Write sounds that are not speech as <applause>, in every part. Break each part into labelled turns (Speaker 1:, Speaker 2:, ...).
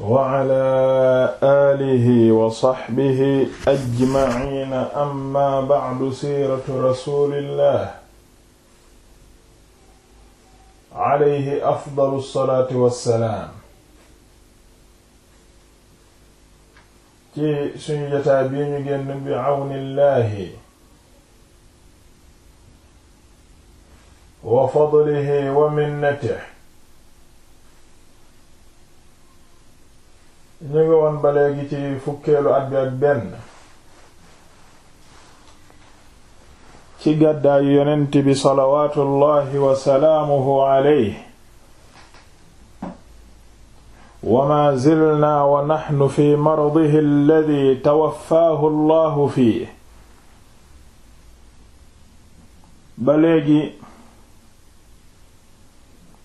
Speaker 1: wa ala aalihi wa saxbihi ajmaciina amma bacdu siiratu rasuulillah alayhi afdalu salaatu wa salaam. ci suñu jotaay bi ñu génn bi cawnillaahi wa fadlihi wa minnatihi ñu ngi woon ba léegi ci fukkeelu at bi ak benn ci gàddaayu yonent bi salawaatullahi wa salaamuhu alayhi wa maa zilnaa wa naxnu fi mardihi alladi tawaffaahu allahu fiihi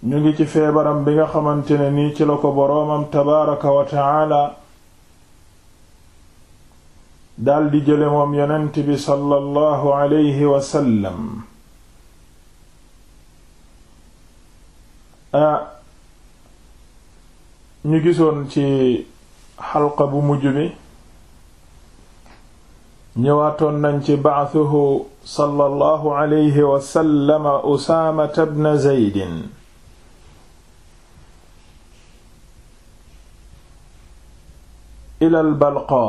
Speaker 1: ñu ngi ci feebaram bi nga xamante ne nii ci la ko boroomam tabaaraka wa taala daldi jële moom yonent bi sallallahu alayhi wa a ñu gisoon ci xalqa bu mujj bi ñëwaatoon nañ ci ba'thuhu sallallahu alayhi wa sallam usaamata bna ila al balqa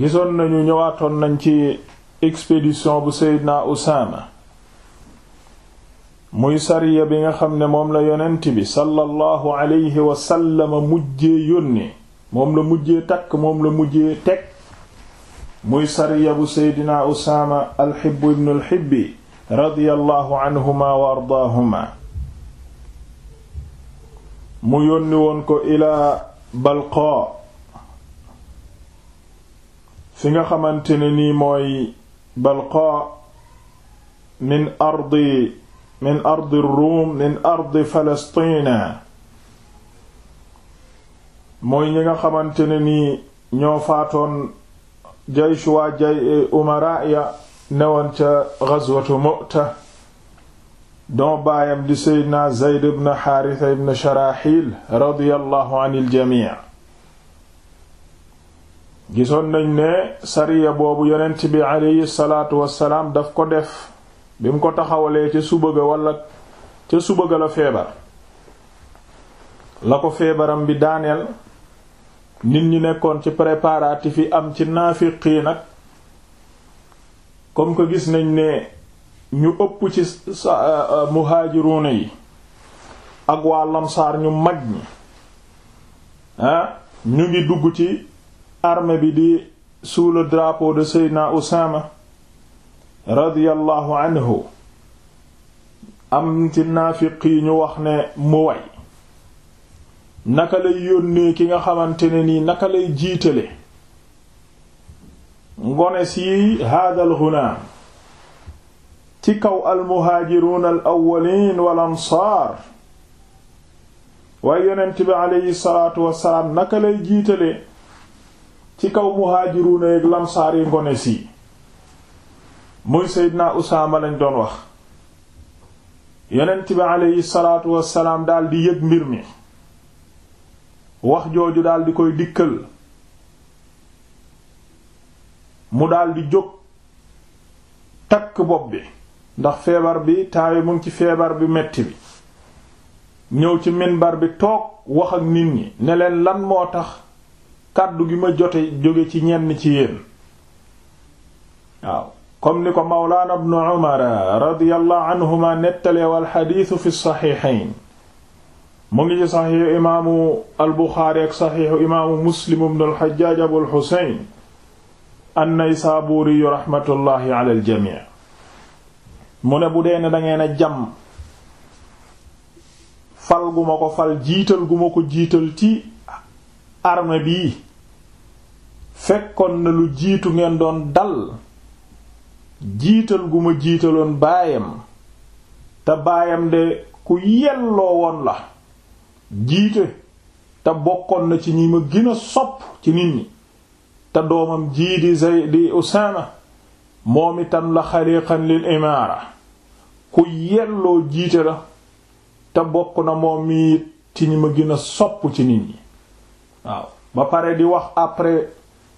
Speaker 1: gisoon nañu ñëwaatoon nañ ci expédition bu Seydina Usaama muy sariya bi nga xam ne moom la yonent bi sallallahu alayhi wa sallama mujjee moom la mujjee takk moom la mujjee teg muy sariya bu Seydina Usaama alxibbu ibnu alxibbi radiyallahu anhuma wa ardaahuma mu yónni woon ko ilaa balqa fi nga xamante ne nii mooy balqa min ardi min ardi ruum min ardi falastina mooy ñi nga xamante ne nii ñoo faatoon jaysh waa jay umara ya newoon ca ghazwatu mu'ta doom baayam di seydna zeyd ibn xaarisa ibn sharaxil radiyallahu anil jamii gisoon nañ ne sariya boobu yonent bi aleyhi salaatu wassalaam daf ko def bi mu ko taxawalee ca suba ga la feebar la ko feebaram bi daaneel nit ñi nekkoon ci préparatif fi am ci naafiqi nag comme ko gis nañ ne ñu ëpp ci euh, euh, muhaajiruuna yi ak waa lamsaar ñu mag ñi ñu ngi dugg ci arme bi di sous le drapeau de Seydina Osama radiyallahu anhu am ci naafiq yi ñu wax ne mu way naka lay yónnee ki nga xamante ne nii naka lay jiitale ngone yi haadal ghunaam ci kaw almuhaajiruun al awwaliin wal ansaar waaye yonent bi aleyhi salaatu naka lay jiitale ci kaw muhaajiruuna yeeg lansaar yi ngone si muy seydinaa usaama lañ doon wax yonent bi aleyhi salaatu wasalaam daldi yëg mbir mi wax jooju daldi koy dikkal mu daldi jóg takk bopp bi ndax feebar bi taawe mu ngi ci feebar bi metti bi ñëw ci minbar bi toog wax ak nit ñi ne leen lan moo tax kàddu gi ma jote jóge ci ñenn ci yéen waaw comme ni ko mawlaana ibnu umar radiyallahu anhuma nettaleewal xadiisu fi saxiixayn mu ngi ci saxiixu imaamu albuxaari ak saxiixu imaamu muslim ibnu alxajjaaj abul xuseyn annaysaabuuri raxmatullaahi alal jamii mu ne bu dee ne dangeen a jam fal gu ma ko fal jiital gu ma ko jiital ci arme bii fekkoon na lu jiitu ngeen doon dal jiital gu ma jiitaloon baayam te baayam de ku yelloo woon la jiite te bokkoon na ci ñi ma gën a sopp ci nit ñi te doomam jii di Zayd di Usaama moom itam la xaliqan lil imaara ku yelloo jiite la te bokk na moom mii ci ñi ma gën a sopp ci nit ñi waaw ba pare di wax après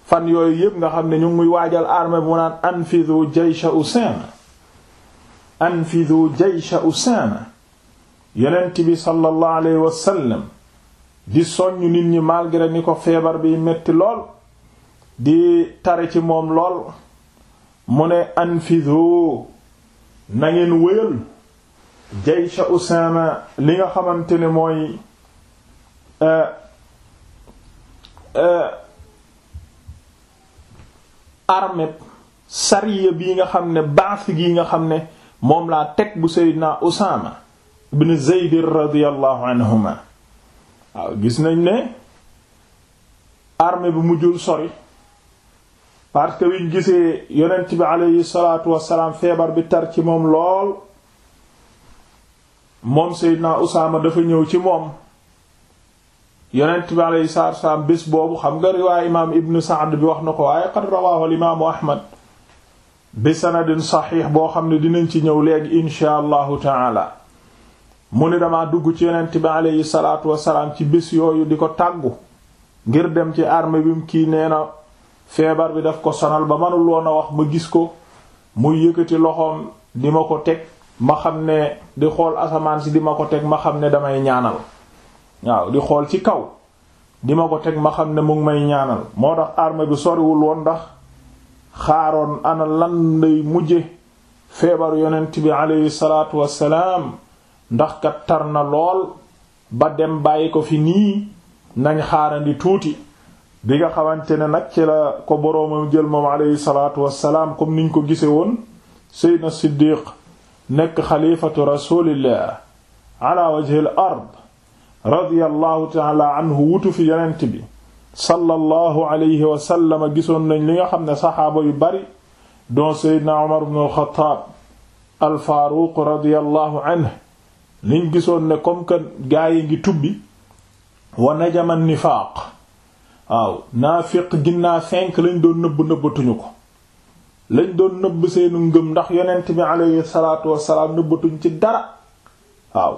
Speaker 1: fan yooyu yépp nga xam ne ñu muy waajal armée bu naan anfidu jaysha usama anfidu jaysha usama yonent bi sallallahu alayhi wasallam di soññ nit ñi malgré ni ko feebar bi metti lool di tare ci moom lool mu ne anfidu na ngeen wéyal jaysha li nga xamante ne mooy euh, euh, armée sariya bii nga xam ne baas gi nga xam ne moom laa teg bu Seydina Usaama ibn Zayd radiyallahu anhuma waaw gis nañ ne armée bi jul sori parce que wiñ gisee yonent bi aleyhi salaatu wassalaam feebar bi tar ci moom lool moom Seydina Usaama dafa ñëw ci moom yonent bi aleyhi salaatu wassalaam bés boobu xam nga riwaay imaam Ibn Sa'd bi wax na ko waaye qad rawaahu al imaamu Ahmad bi sanadin saxiix boo xam ne dinañ ci ñëw léegi insha allahu taala mu ni dama dugg ci yonent bi aleyhi salaatu wassalaam ci bis yooyu di ko tàggu ngir dem ci arme bi mu kii nee na feebar bi daf ko sonal ba manul woon a wax ma gis ko muy yëkkati loxoom di ma ko teg ma xam ne di xool asamaan si di ma ko teg ma xam ne damay ñaanal waaw di xool ci kaw di ma ko teg ma xam ne mu ngi may ñaanal moo tax arme bi soriwul woon ndax xaaroon ana lan lay mujje feebaru yonent bi aleyhi salaatu wassalaam ndax kat tar na lool ba dem bàyyi ko fi nii nañ xaarandi tuuti bi nga xamante ne nag ci la ko boroomam jël moom aleyhi salaatu wassalaam comme niñ ko gise woon seydna siddiq nekk xalifatu rasulillah ala wajhi al ard radiyallahu taala anhu wutu fi yonent alayhi wa gisoon nañ li nga xam ne saxaaba yu bari don seydna umar ibn al-xattaab al-faaruq radiyallahu anhu liñ gisoon ne comme que gaa tubbi wa najama nifaaq waaw naafiq ginnaa cinq lañ doon nëbb nëbbatuñu ko lañ doon nëbb seenu ngëm ndax yonent bi alayhi salaatu wassalaam nëbbatuñu ci dara waaw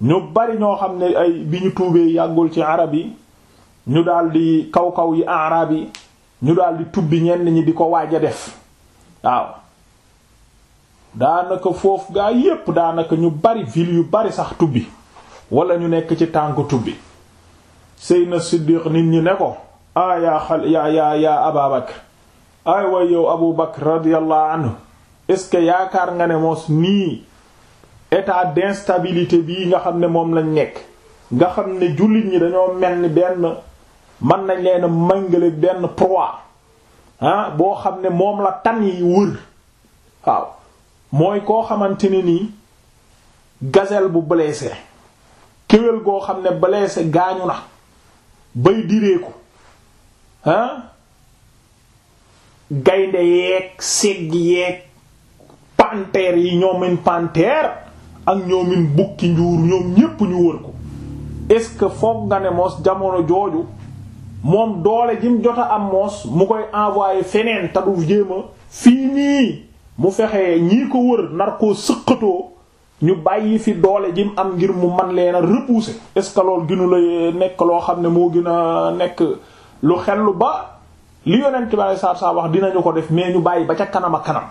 Speaker 1: ñu bari ñoo xam ne ay bi ñu tuubee yàggul ci arab yi ñu daldi kaw kaw yi arab yi ñu daldi tubbi ñenn ñi di ko waaj a def waaw daanaka foofu gaa yépp daanaka ñu bari ville yu bari sax tubbi walla ñu nekk ci tànk tubbi Seydina Siddiq nit ñi ne ko ah, a yaa yaa yaa Abaa Bakr ay way yow Abu Bakr radiyallahu anhu est que yaakaar nga ne moos nii état d'instabilité bii nga xam ne moom lañ nekk nga xam ne jullit ñi dañoo mel ni benn mën nañ leen mangale benn proie ah boo xam ne moom la tan yi wër waaw mooy koo xamante ne nii gazel bu blessé kéwél goo xam ne blessé gaañu na bay direeku ah gaynde yeeg segg yeeg panteer yi ñoomin panteer ak ñoomin bukki njur ñoom ñépp ñu wër ko est-ce que foog nga ne moos jamono jooju moom doole jim jot a am moos mu koy envoyé feneen te du jéema fii nii mu fexe ñii ko wër nar koo sëqatoo ñu bàyyi fi doole ji am ngir mu man leen a repousser est-ce nekk loo xam ne moo gën a nekk lu xellu ba li yonent bi saa saa wax dinañu ko def mais ñu bàyyi ba ca kanam kanam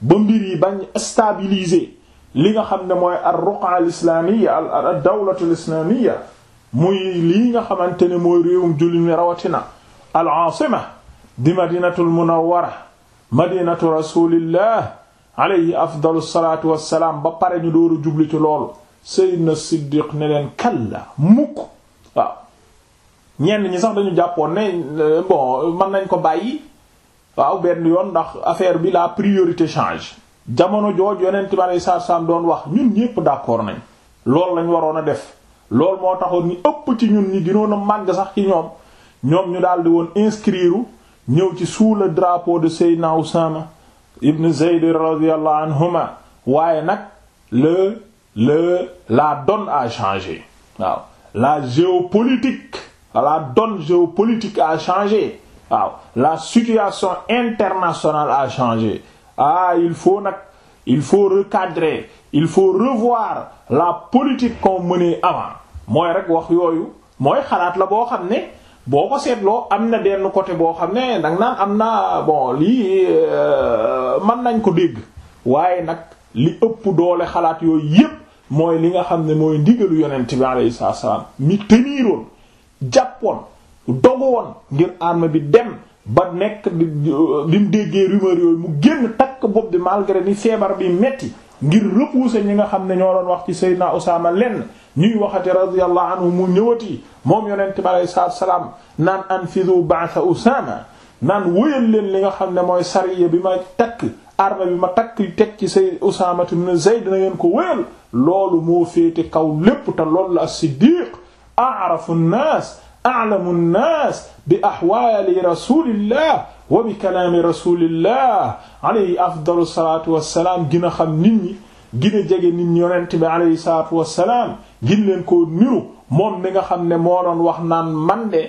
Speaker 1: ba mbir yi ba stabiliser li nga xam ne mooy ar ruqa al islamiyya al dawlatu al islamiyya muy lii nga xamante ne mooy réewum jullit mi rawatina al asima di madinatul munawwara madinatu rasulillah alayhi afdalu salaatu wassalaam ba pare ñu dooru jubli ci loolu sayyidna siddiq ne leen kalla mukk waaw ñenn ñi sax dañu jàppoon ne euh, bon man nañ ko bàyyi waaw benn yoon ndax affaire bi la priorité change jamono jooj yonent bi alei saatu salaam doon wax ñun ñépp d'accord nañ loolu lañ waroon a def loolu moo taxoon ñu ëpp ci ñun ñi gënoon a màgg sax ci ñoom ñoom ñu daldi woon inscrire ñëw ci suula le drapeau de Seydina Ousama ibn Zayd radiyallahu anhuma waaye nag le le la donne a changé waaw la géopolitique la donne géopolitique a changé waaw la situation internationale a changé ah il faut nag il faut recadrer il faut revoir la politique qu'on menait avant mooy rek wax yooyu mooy xalaat la boo xam ne boo ko seetloo am na benn côté boo xam ne nag naan am na bon lii euh, mën nañ ko dégg waaye nag li ëpp doole xalaat yooyu yépp mooy li nga xam ne mooy ndigalu yonent bi alayhi salaam mi tëniiroon jàppoon dogu woon ngir arme bi dem ba nekk di di déggee rumeur yooyu mu génn takk bopp bi malgré ni feebar bi metti ngir repousser ñi nga xam ne ñoo doon wax ci Seydina Usaama lenn ñuy waxati radiyallahu anhu mu ñëwati moom yonent bi alayhi salaatu salaam naan anfidu ba'sa Usaama naan wóyal leen li nga xam ne mooy sariya bi ma takk arme bi ma takk teg ci say Usaama ibn Zayd na ngeen ko wóyal loolu moo féete kaw lépp te loolu la as-Siddiq a'rafu an-naas a'lamu nnaas bi ahwaali rasulillah wa bi kalaami rasulillah alayhi afdalu salaatu wassalaam gën a xam nit ñi gën a jege nit ñi yonent bi alayhi salaatu wassalaam gin leen koo niru moom mi nga xam ne moo doon wax naan man de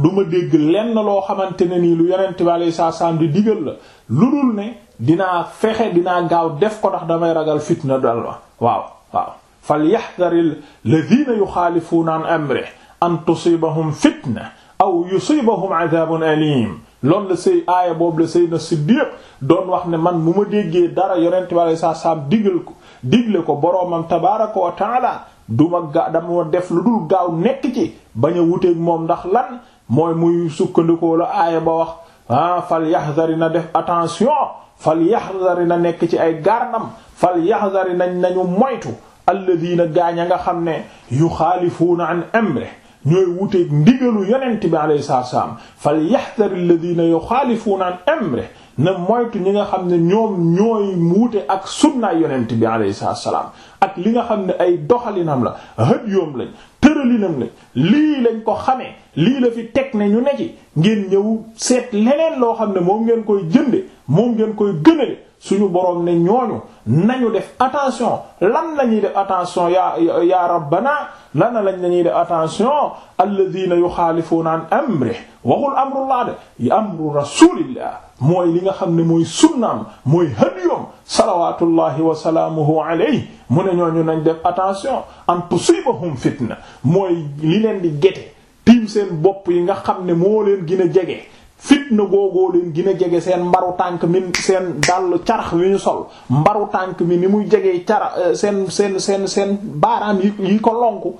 Speaker 1: du ma dégg lenn loo xamante ne nii lu yonent bi alayhi salaatu wassalaam di digal la lu dul ne dinaa fexe dinaa gaaw def ko ndax damay ragal fitna dal ma waaw waaw falyahdharil ladhina yukhalifuna an amrihi an tusibahum fitna aw yusibahum adhabun alim loolu la sëy aaya boobu la sëy na Siddiq doon wax ne man bu ma déggee dara yonent bi alei saat salaam digal ko digle ko boroomam tabaraka wa taala du ma ga dama def lu dul gaaw nekk ci bañ a wuteeg moom ndax lan mooy muy sukkandikoo la aaya ba wax ah fal yaxdari na def attention fal yaxdari na nekk ci ay gaarnam fal yaxdari nañ nañu moytu alladina gaañ a nga xam ne yuxaalifuuna an amre ñooy wuteeg ndigalu yonent bi alayhi salaam falyahdhar alladhina yukhalifuna an amrihi na moytu ñi nga xam ne ñoom ñooy wuute ak sunnaay yonent bi alayhi salaam ak li nga xam ne ay doxalinam la yoom lañ tëralinam lañ lii lañ ko xamee lii la fi teg ne ñu ne ci ngeen ñëw seet leneen loo xam ne moom ngeen koy jënde moom ngeen koy gënale suñu boroom ne ñooñu nañu def attention lan lañuy def attention ya ya rabbana lan lañ lañuy def attention alladhina yuxaalifuuna an amri waxul amrullah de amru rasulillah mooy li nga xam ne mooy sunnaam mooy hadiyum salawatullahi wa salaamuhu alayhi mu ne ñooñu nañ def attention an tusibahum fitna mooy li leen di gete tiim seen bopp yi nga xam ne moo leen gën jege fitna googoo leen gin a jege seen mbaru tànk mi seen dàll carax yu ñu sol mbaru tànk mi ni muy jegee cara euh, seen seen seen seen baaraam yi yi ko lonku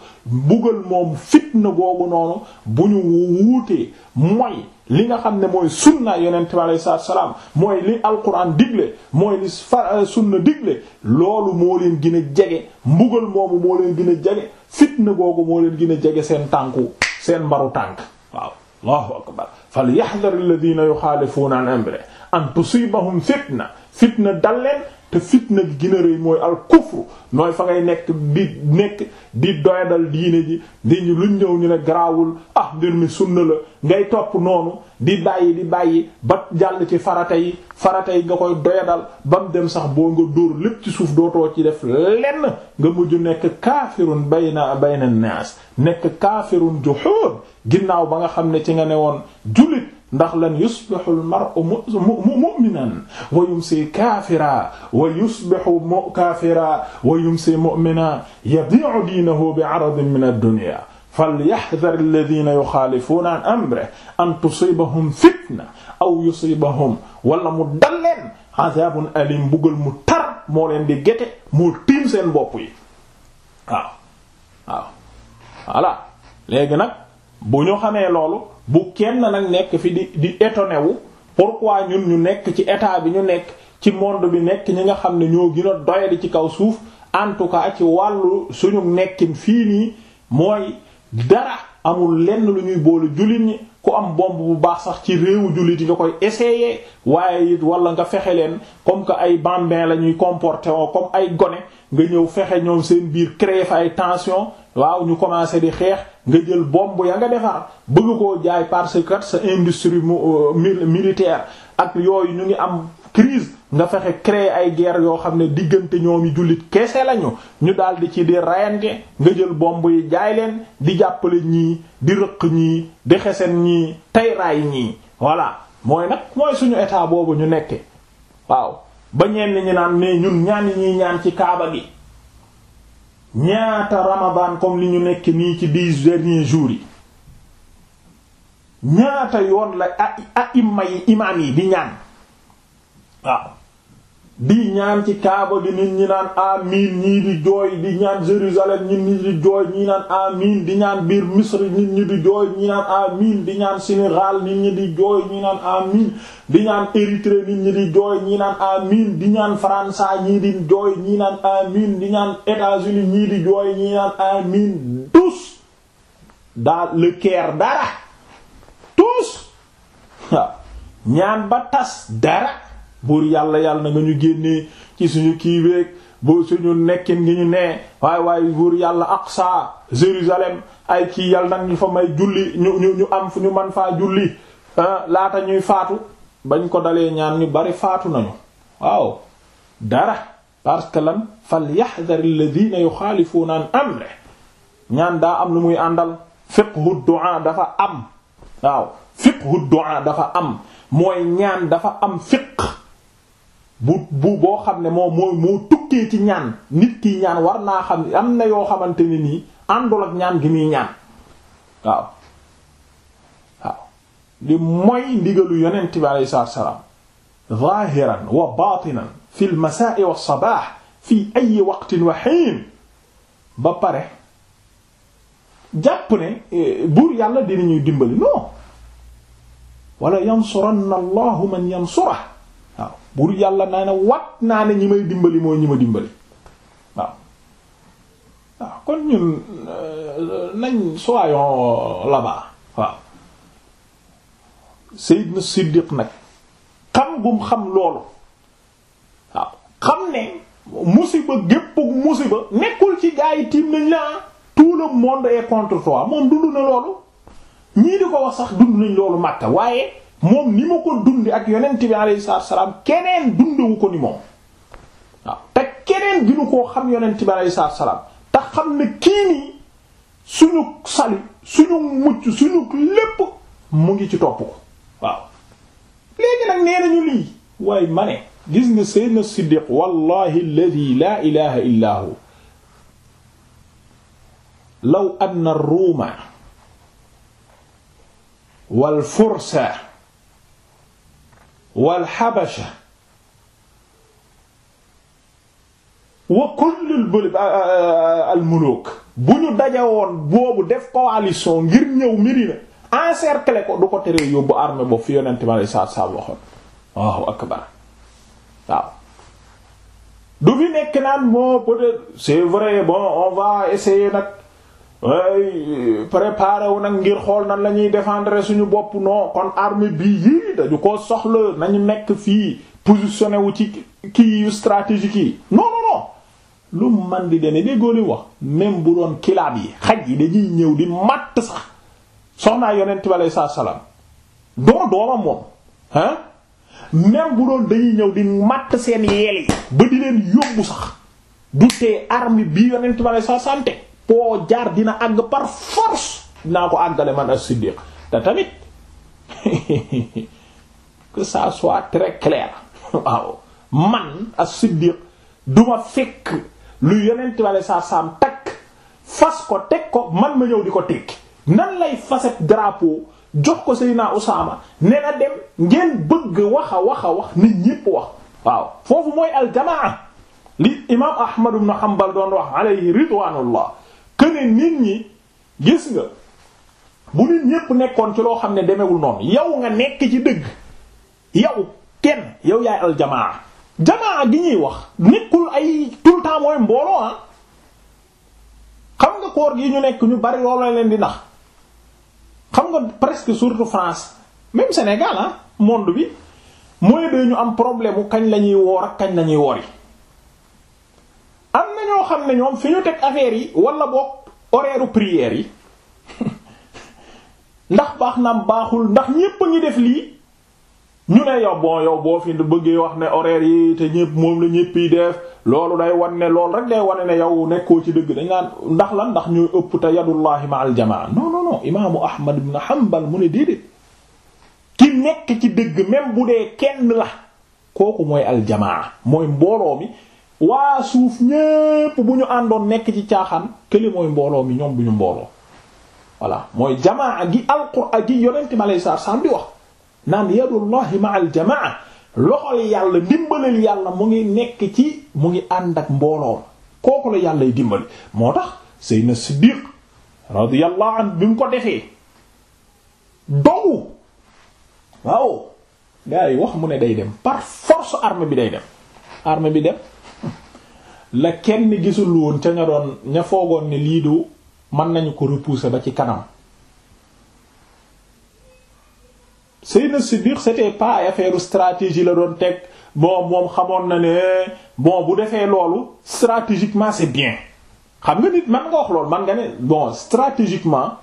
Speaker 1: bugal moom fitna googu noonu bu ñu wuutee mooy li nga xam ne mooy sunna yonent bi alayhi salaatu salaam mooy li alquran digle mooy li fa euh, sunna digle loolu moo leen gën a jege mbugal moomu moo leen gën a jege fitna googu moo leen gën a jege seen tànku seen mbaru tànk waaw allahu akbar falyahdhar alladhina yukhalifuna an amri an tusibahum fitna fitna dal leen te fitna gi gën mooy al kufru mooy fa ngay nekk di nekk di doyadal diine ji di luñ ñëw ñu ne garaawul ah mbir mi sunna la ngay topp noonu di bàyyi di bàyyi ba jàll ci farata yi farata yi nga koy doyadal ba mu dem sax boo nga dóor lépp ci suuf dootoo ci def lenn nga mujj nekk kaafirun bayna bayna naas nekk kaafirun juhud ginnaaw ba nga xam ne ci nga ne woon jullit ndax lan yusbihu al-mar'u mu'minan wa yumsi kaafira wa yusbihu kaafira wa yumsi mu'mina yadi'u diinahu bi'aradin min ad-dunya falyahdhar alladhina yukhalifuna an amrihi an tusibahum fitna aw yusibahum wala mu dal leen adhabun alim bugal mu tar moo leen di gete moo tiim seen bopp yi waaw waaw voilà léegi nag bu ñu xamee loolu bu kenn nag nekk fi di di étonné wu pourquoi ñun ñu nekk ci état bi ñu nekk ci monde bi nekk ñi nga xam ne ñoo gën a doyadi ci kaw suuf en tout cas ci wàllu suñu nekkin fii nii mooy dara amul lenn lu ñuy boole jullit ñi ku am bomb bu baax sax ci réewu jullit yi nga koy essayer waaye it wala nga fexe leen comme que ay bambins la ñuy comporter woo comme ay gone nga ñëw fexe ñoom seen biir créer fa ay tension waaw ñu commencer di xeex. nga jël bomb ya nga defar bëgg koo jaay parce que sa industrie euh, militaire ak yooyu ñu ngi am crise nga fexe créer ay guerre yoo xam ne diggante ñoom yi jullit kese lañu ñu daal di ci di rayante nga jël bomb yi jaay leen di jàppale ñii di rëq ñii di xesen ñii tey raay ñii voilà mooy nag mooy suñu état boobu ñu nekke waaw ba ñenn ñi naan mais ñun ñaan yi ñaan ci kaaba gi ñaata ramadan comme li ñu nekk nii ci dix derniers jour yi ñaata yoon la a imma yi imaam yi di ñaan waaw di ñaan ci kaaba gi nit ñi naan amin ñii di jooy di ñaan Jérusalem ñi nit di jooy ñi naan amin di ñaan biir Misri nit ñi di jooy ñi naan amin di ñaan Sénégal nit ñi di jooy ñi naan amin di ñaan Érythrée nit di jooy ñi naan amin di ñaan France ñii di jooy ñi naan amin di ñaan États-Unis ñii di jooy ñi naan amin tous dans le Caire dara tous <laughs> ñaan ba tas dara buur yàlla yàlla na nga ñu génnee ci suñu kii kiiweeg boo suñu nekkin ngi ñu nee waaye waaye buur yàlla Aqsa Jérusalem ay kii yàlla nag ñu fa may julli ñu ñu am fu ñu man faa julli ah, laata ñuy faatu bañ ko dalee ñaan ñu bari faatu nañu waaw dara parce que lan falyahdhar alladhina yukhalifuna an amri ñaan daa am lu muy àndal fiqhu du'a dafa am waaw fiqhu du'a dafa am mooy ñaan dafa am fiqh bu boo xam ne moo moo moo ci ñaan nit ki ñaan war naa xam am na yoo xamante ne nii àndul ñaan gi mi ñaan waaw waaw di mooy ndigalu yonent bi alayhi salaatu wa salaam zaahiran wa baatinan fi l wa sabaax fi ay waqtin wa ba pare jàpp ne e, buur yàlla dinañuy dimbali non wala yansuranna allahu man yansurah buur yàlla naa ne wat naa ne ñi may dimbali mooy ñi ma dimbali waaw waaw kon ñun euh, nañ soyons euh, là-bas waaw Seydina Siddiq nag xam gum xam loolu waaw xam ne musiba gépp musiba nekkul ci gaa yi tiim nañ la tout le monde est contre toi moom dund na loolu ñii di ko wax sax dund nañ loolu màkka waaye moom ni ma ko dundi ak yonent bi alayhi salaatu salaam keneen dundewu ko ni moom waaw te keneen ginu koo xam yonent bi alayhi salaatu salaam te xam ne kii nii suñu salu suñu mucc suñu lépp mu ngi ci topp ko léegi nag nee nañu lii waaye ma ne gis nga sayyidna Siddiq wallahi alladhi laa ilaha illa hu law anna ar-ruuma wal fursa wal xabasha wa kullul al muluk bu ñu dajawoon boobu def coalition ngir ñëw Medina encercler ko du ko teree yóbbu armée boobu fi yonent ma lay saab saab waxoon waaw akbar du fi nekk naan bon peut-être c'est vrai bon on va essayer nag ay préparé wu nag ngir xool nan lañuy ñuy défendre suñu bopp noo kon armée bii yii dañu ko soxla nañu nekk fii positionné wu ci kii yu stratégique yi non non lu man di dene déggoo li wax même bu doon kilaab yi xaj yi dañuy ñëw di matt sax soxnaa yonent bi aley salaam doo doomam moom ah même bu doon dañuy ñëw di matt seen yeel yi ba di leen yóbbu sax du tee armée bii yonent bi aley salaam te poo dina àgg par force dinaa ko àggale man as-Siddiq te tamit <laughs> que ça soit très clair <laughs> waaw man as-Siddiq duma fekk lu yeneen wale sa saam takk fas ko teg ko man ma ñëw di ko tekki nan lay faset drapeau jox ko Seydina Usaama ne na dem ngeen bëgg wax a wax a wax nit ñépp wax waaw foofu mooy aljamaa li imaam Ahmad ibn Hanbal doon wax alayhi ridwaanullah këre nit ñi gis nga bu nit ñépp nekkoon ci loo xam ne demewul noonu yow nga nekk ci dëgg yow kenn yow yaay aljamaa jamaa gi ñuy wax nekkul ay tout le temps mooy mbooloo ah xam nga koor gi ñu nekk ñu bari loolu la leen di nax xam nga presque surtout France même Sénégal ah monde bi mooy de ñu am problème mu kañ la ñuy woor ak kañ la ñuy wori na xam ne ñoom fi ñu teg affaire yi wala boog horaire prière yi <laughs> ndax baax naam baaxul ndax ñépp a def lii ñu ne yow bon yow boo fi bëggee wax ne horaire yi te ñépp moom la ñépp yi def loolu day wan ne loolu rek day wane ne yow nekkoo ci dëgg dañ naan ndax la ndax ñuy ëpp te yadullahi ma al jamaa non non non imaamu Ahmad ibn Hanbal mu ne déedéet ki nekk ci dëgg même bu dee kenn la kooku mooy aljamaa mooy mbooloo mi. waa suuf ñépp bu ñu àndoon nekk ci caaxaan kële mooy mbooloo mi ñoom bu ñu mbooloo voilà mooy jamaa gi alquraan gi yonente bi aleyi saatu salaam di wax naan yadullahi ma al jamaa loxol yàlla ndimbalal yàlla mu ngi nekk ci mu ngi ànd ak mbooloo kooku la yàllay dimbali moo tax Seydina Siddiq radiyallahu anhu bi mu ko defee dogu waaw gars yi wax mu ne day dem par force arme bi day dem arme bi dem la kenn gisul woon ca ña doon ña foogoon ne lii du mën nañu ko repousser ba ci kanam Seydina Siddiq c'était pas affaire stratégie la doon teg bon moom xamoon na ne bon bu defee loolu stratégiquement c'est bien xam nga nit man nga wax loolu man nga ne bon stratégiquement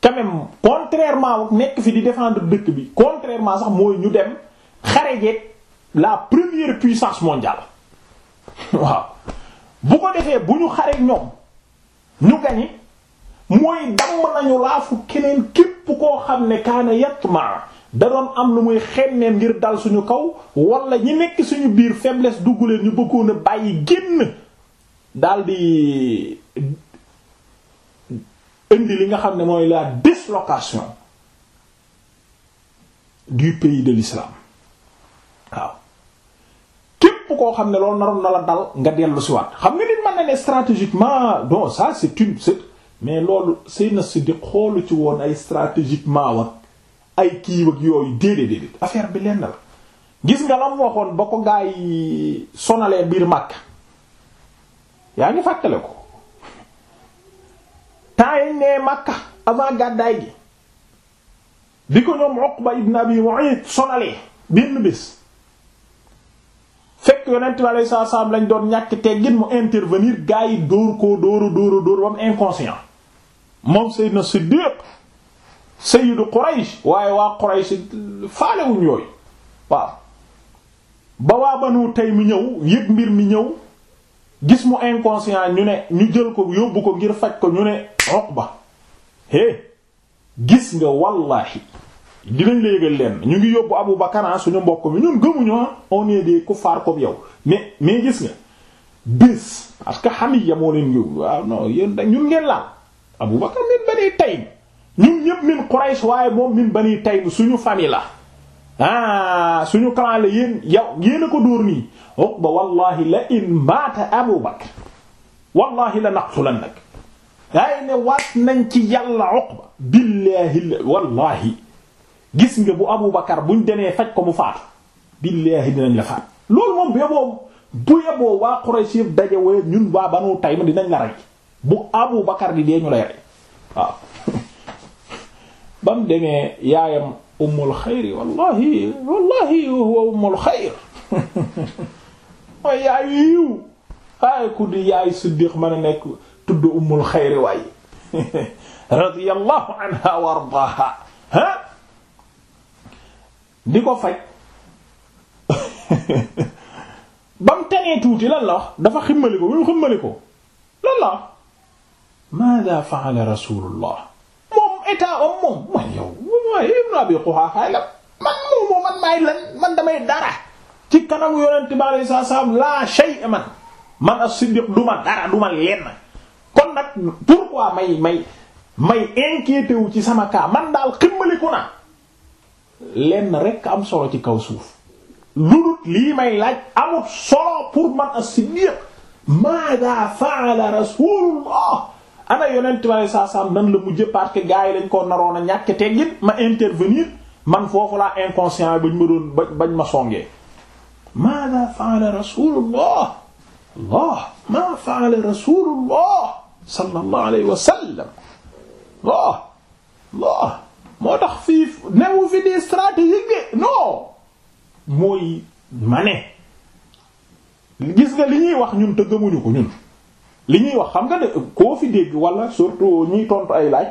Speaker 1: quand même contrairement nekk fi di défendre dëkk bi contrairement sax mooy ñu dem xare jeeg la première puissance mondiale <laughs> waaw bu ko defee bu ñu xareek ñoom ñu gañi mooy damm nañu laafu keneen képp koo xam ne kaana yatma da doon am lu muy xemmeem ngir dal suñu kaw wala ñi nekk suñu biir faiblesse dugg leen ñu bëggoon a bàyyi génn di indi li nga xam ne mooy la dislocation du pays de l'islam koo xam ne loolu naroon na la dal nga dellu si waat xam nga nit mën na ne stratégiquement bon ça c'est une c'est mais loolu Seydina Siddiq xoolu ci woon ay stratégiquement wak ay kii wak yooyu déedéet déedéet affaire bi lenn la gis nga lam waxoon ba ko gaa sonalee biir Makka yaa ngi fàttale ko temps yi Makka avant gàddaay gi bi ko ñoom Uqba ibn Abi Mu'ayt sonalee benn bés fekk yonent bi alayhi salaam lañ doon ñàkk teggin mu intervenir gaa yi dóor ko dóora dóora dóor ba mu inconscient moom Seydina Siddiq Sayyidu Quraysh waaye waa Quraysh faalewuñ yooyu waaw ba waa Banu Taym mi ñëw yëg mbir mi ñëw gis mu inconscient ñu ne ñu jël ko yóbbu ko ngir faj ko ñu ne Uqba hé gis nga wallaahi dinañ la yëgal leen ñu ngi yóbbu Abu Bakar ah suñu mbokk mi ñun gëmuñu ah, on est des kufaar comme yow mais mais gis nga bés parce que xam ya moo leen yóbbu waaw ah, non yéen ñun ngeen laal Abu Bakar min bani Taym ñun ñëpp min Quraysh waaye moom min bani Taym suñu famille la ah suñu clan la yéen yow yéen ko dóor nii Uqba oh, wallahi la in maata Abu Bakar wallahi la naqtulannak daay ne waat nañ ci yàlla Uqba gis nga bu Aboubacar buñ demee faj ko mu faatu billaahi dinañ la faat loolu moom bu yeboo bu yeboo waa Quraysh daje waaye ñun waa Banu Taym dinañ la rey bu Aboubacar di dee ñu lay rey waaw <laughs> demee yaayam ummul xayri wallahi wallahi huwa ummul xayr <laughs> mooy yaay yiw ku di yaay siddiq mën nekk tudd ummul xayri waaye <laughs> radiyallahu anha wa ardaaha di ko faj <laughs> ba mu tenee tuuti lan la dafa ximmali ko bi ximmali ko lan la wax maada fa'ala rasulullah moom état am moom man yow waaye ibn abi quhaafa la man moomoo man maay lan man damay dara ci kanamu yonente bi alayhi salaam la shay man man as-siddiq duma dara duma lenn kon nag pourquoi may may may inquiété wu ci sama cas man daal ximmaliku na lenn rekk am solo ci kaw suuf lu lii may laaj amut solo pour man as-Siddiq maada faala rasulullah ana yonent bi saa saam nan la mujjee parce que gars yi lañ koo naroon a ñàkk teggin ma intervenir man foofu laa inconscient bañ ma doon bañ ma songee maada faala rasulullah allah maa faala rasulullah sallallahu alayhi wa sallam allah moo tax fii newu fi di stratégique de non mooy ma ne gis nga li ñuy wax ñun te gëmuñu ko ñun li ñuy wax xam nga ne koo fi dégg wala surtout ñuy tontu ay laaj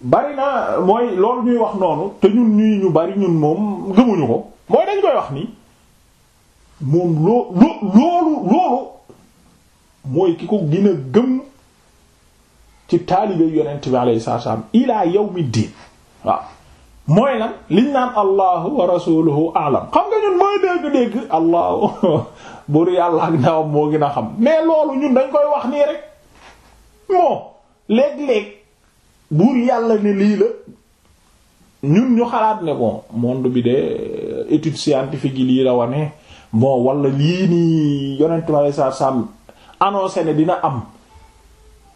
Speaker 1: bari na mooy loolu ñuy wax noonu te ñun ñuy ñu bari ñun moom gëmuñu ko mooy dañ koy wax ni moom loo loo loolu loolu mooy ki ko gën a gëm ci taalibe yonent bi alayhi salaatu wasallam diin waaw mooy lan liñ naan allahu wa rasuluhu xam nga ñun mooy dégg-dégg allahu <laughs> buur yàlla ak ndawam moo gën a xam mais loolu ñun dañ koy wax nii rek moo léeg-léeg buur yàlla ne lii la ñun ñu xalaat ne bon monde bi de étude scientifique yi lii la wane bon wala lii nii yonent bi alayhi salaatu ne dina am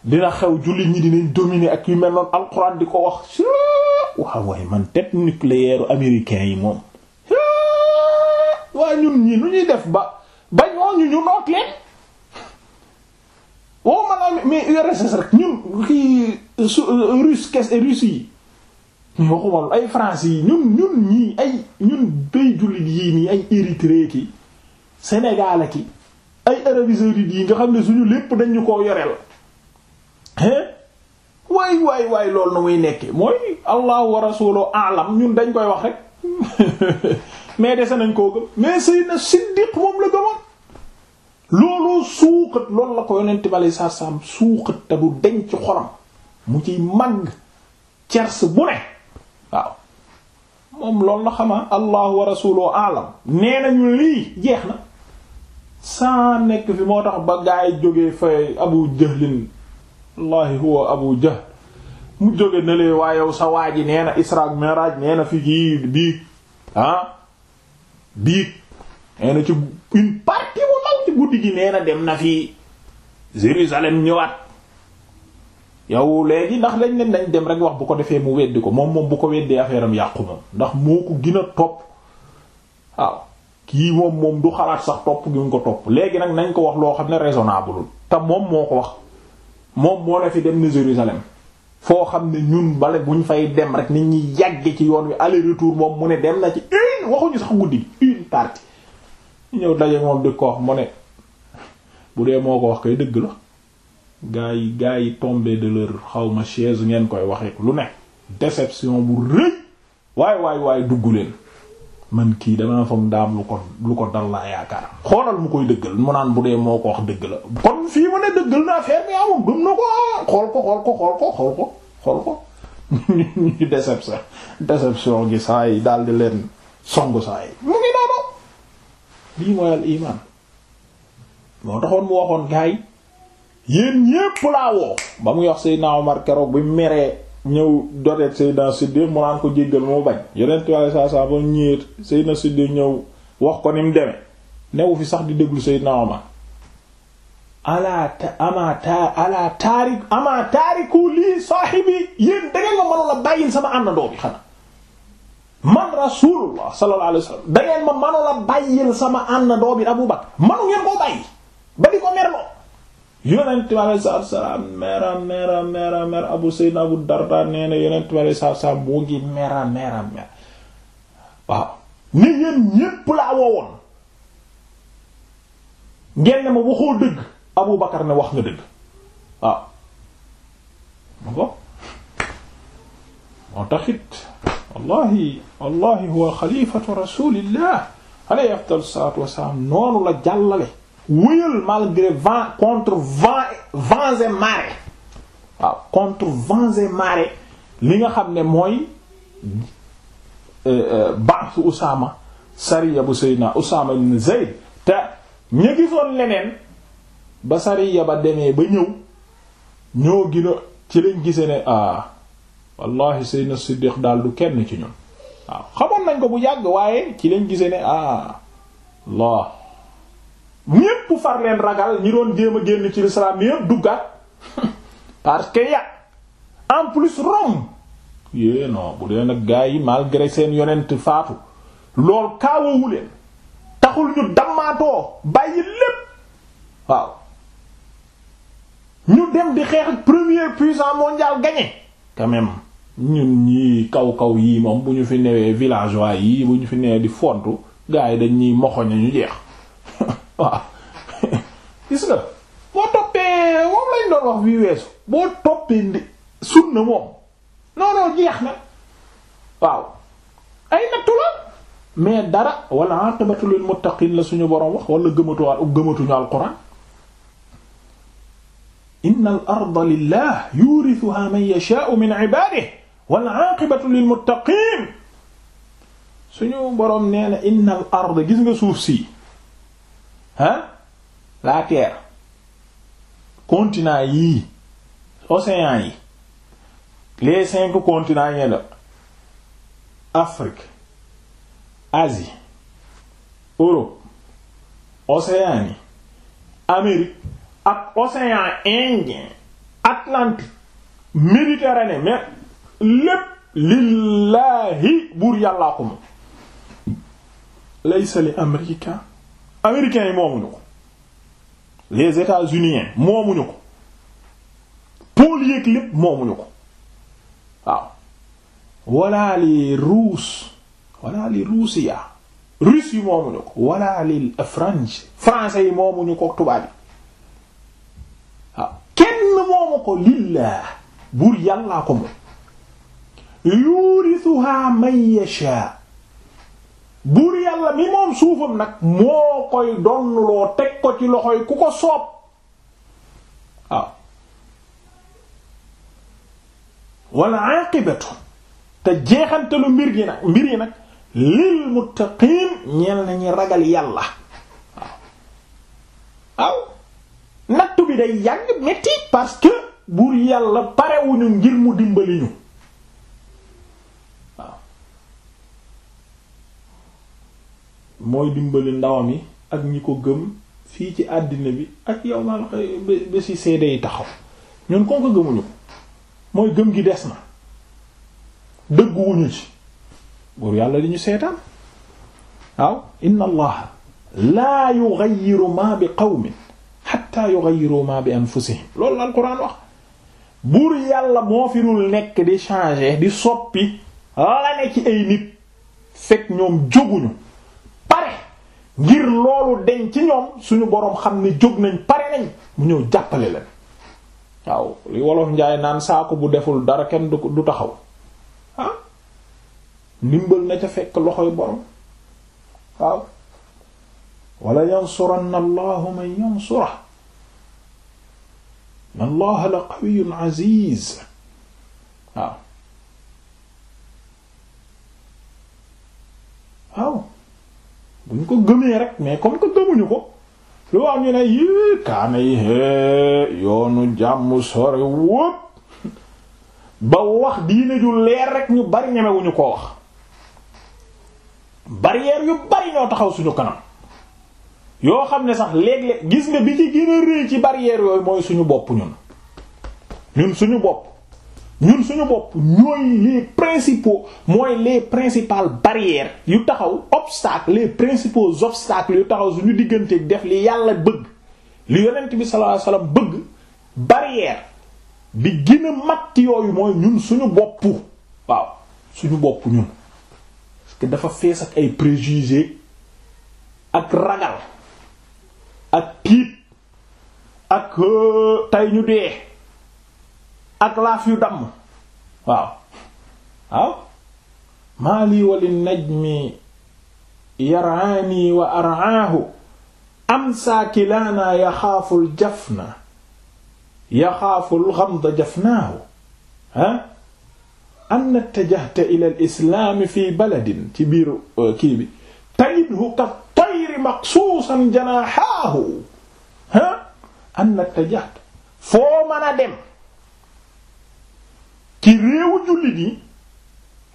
Speaker 1: dina xew jullit ñi dinañ dominer ak yu mel noonu alxuraan di ko wax si waaw waaye man tête nucléaire américain yi moom waa ñun ñii nu ñuy def ba ba ñooñu ñu noot leen wow man mais URSS ñun kii russe kes russe yi ay France yi ñun ñun ñii ay ñun béy jullit yii nii ay Érythrée ki Sénégal ki ay Arabie saoudite yi nga xam ne suñu lépp dañ ñu koo yoreel waay waay waay loolu na muy nekke mooy allahu wa rasulu alam ñun dañ koy wax rek <laughs> mais dese nañ koo gëm mais Seydina Siddiq moom la gëmoon looloo suuxat loolu la ko yonent bi alei saatu suuxat te du deñ ci xolam mu ciy màgg cerse bu ne waaw moom loolu la xamaa allahu wa rasulu alam nee nañu lii jeex na saa nekk fi moo tax ba gaay jógee fa Abu Jahlin wallahi huwa abu jahl mu jóge ne lee waa sa waa ji nee na isra ak miraaj na fi kii biig ah biig nee ci une partie bu mag ci guddi gi nee na dem na fi Jérusalem ñëwaat yow léegi ndax lañ leen dañ dem rek wax bu ko defee mu weddi ko moom moom bu ko weddee affaire am yàqu moom ndax moo ko gën a topp waaw kii moom moom du xalaat sax topp gi mu ko topp léegi nag nañ ko wax loo xam ne raisonnable te moom moo ko wax moom moo la fi dem ni Jérusalem foo xam ne ñun bale buñ fay dem rek nit ñi yàgge ci yoon wi aller retour moom mu ne dem na ci une waxuñu sax guddi une partie ñëw daje moom di ko wax mu ne bu dee moo ko wax koy dëgg la gaa yi gaa yi tombé de leur xawma chaise ngeen koy waxee lu ne déception bu rëy waaye waay waay dugg leen man kii damaa foog daam lu ko lu ko dal laa yaakaar xoolal mu koy dëggal mu naan bu dee moo ko wax dëgg la kon fii mu ne dëggal na affaire bi amul gëm na ko xool ko xool ko xool ko xool ko xool ko <laughs> gi saa yi daal di leen songu saa yi mu ngi noonu lii mooy al iman moo taxoon mu waxoon gaay yéen ñépp laa woo ba mu yox Seydina Omar keroog bi meree ñëw doteeg Seydina Siddiq mu naan ko jéggal moo bañ yeneen tubaab saa saa ba mu ñëwee Seydina Siddiq ñëw wax ko ni mu newu fi sax di déglu Seydina Omar ala ama ta taariku lii saaxibi yéen da ma mënoon bàyyil sama àndandoo bi xanaa man rasulullah sallallahu alayhi wasallam da ngeen ma mënoon bàyyil sama àndandoo bi Abu Bakr manu ngeen koo bàyyi ba di ko merloo yonent ma lay saab saab mera mera mera mera abu sayyidna abu darda nee na yonent ma lay saab saab moo ngi mera mera mera waaw ni yéen ñépp laa wowoon ngeen ma waxoo dëgg abu bakar ne wax nga dëgg waaw moo taxit wallahi wallahi huwa xalifatu rasulillah alayhi afdal salaatu wasalaam noonu la jàllale wéyal malgré vent contre vent vents et waaw contre vents et li nga xam ne mooy euh, euh, baasu Usaama sariya bu Seydina Usaama ibn Zayd te ña gisoon leneen ba sariya ba demee ba ñëw ñoo gina ci lañ gise ne ah wallahi Seydina Siddiq daal du kenn ci ñun waaw xamoon nañ ko bu yàgg waaye ci lañ gise ne ah Allah ñépp far leen ragal ñi doon jéem a génn ci l'islam yépp duggaat <laughs> parce que ya en plus Rome yée non bu dee nag gars malgré seen yonent faatu lool kaawawu leen taxul ñu dammaatoo bàyyi lépp waaw ñu dem di xeex ak premier puissant mondial gagné quand même ñun ñii kaw kaw yii moom bu ñu fi newee villageois yii bu ñu fi newee di fontu gars yi dañ ñuy moxoñ ñu jeex waaw gis nga boo toppee moom lañ doon wax bii weesu boo toppee ndi sunna moom non non jeex na waaw ay nattu la mais dara wala aqibatu lil muttaqin la suñu boroom wax wala gëmatuwaat gëmatuñu alquran inna al arda lillah yurithuha man yasha'u min ibadihi wal aqibatu lil muttaqin suñu boroom nee na inna al gis nga suuf si hein la terre continent yii océan yi les cinq continents yi la Afrique Asie Europe Océanie Amérique ak océan Indien Atlantique Méditerranée mais lépp lillaahi buur yàllaa ko moom laysa li amrika américains yi moomuñu ko les états-unis moomuñu ko pôle yéeg lépp moomuñu ko waaw wala li ruus wala li ruusiya russe yi moomuñu ko wala li france français yi moomuñu ko tubaab yi kenn moomu ko lillah buur yàllaa ko moom yurisuha man yasha buur yàlla mi moom suufam nag moo koy donnuloo teg ko ci loxo yi ku ko soob waaw wal aqibatu te jeexantalu mbir gi nag mbir yi nag lil muttaqiin ñeel nañu ragal yàlla waaw nattu bi day yàgg metti parce que buur yàlla parewuñu ngir mu dimbali mooy dimbali ndawam yi ak ñi ko gëm fii ci àddina bi ak yow maa ba si seede yi taxaw ñun kon ko gëmuñu ko mooy gëm gi des na dëgguwuñu ci buur yàlla di ñu seetaan waaw inna allaha laa yughayyiru ma bi qawmin hatta yughayyiru ma bi anfusihim loolu la alquran wax buur yàlla moo firul nekk di changer di soppi la ne ci ay nit fekk ñoom jóguñu ngir loolu deñ ci ñoom suñu boroom xam ne jóg nañ pare nañ mu ñëw jàppale leen waaw li wolof njaay naan saako bu deful dara kenn du taxaw ah ndimbal na ca fekk loxoy boroom waaw wala yansuranna allahu man yansurah inna allaha la qawiyyun aziz waaw buñ ko gëmee rek mais comme que gëmuñu ko lu wax ñu ne yii kaana yi hee yoonu jàmm sore wóot ba wax diine ju leer rek ñu bari ñemewuñu koo wax barrière yu bari ñoo taxaw suñu kanam yoo xam ne sax léeg-léeg gis nga bi ci gën a rëy ci barrière yooyu mooy suñu bopp ñun ñun suñu bopp ñun suñu bopp ñooy les principaux mooy les principales barrières yu taxaw obstacles les principaux obstacles yu taxaw suñu digganteeg def li yàlla bëgg li yonent bi sallallahu alayhi wasallam bëgg barrière bi gën a mat yooyu mooy ñun suñu bopp waaw suñu bopp ñun parce que dafa fees ak ay préjugés ak ragal ak tiit ak euh, tey ñu dee ak laaf yu damm waaw waaw maa lii wali najmi yaraani wa araahu amsaa kilaana yaxaaful jafna yaxaaful xamda jafnaahu ah an nattajahta ila al islaami fi baladin ci biir uh, kii bi tajidhu ka tayri maqsuusan janaaxaahu ah an nattajahta foo mën a dem ci réewu jullit yi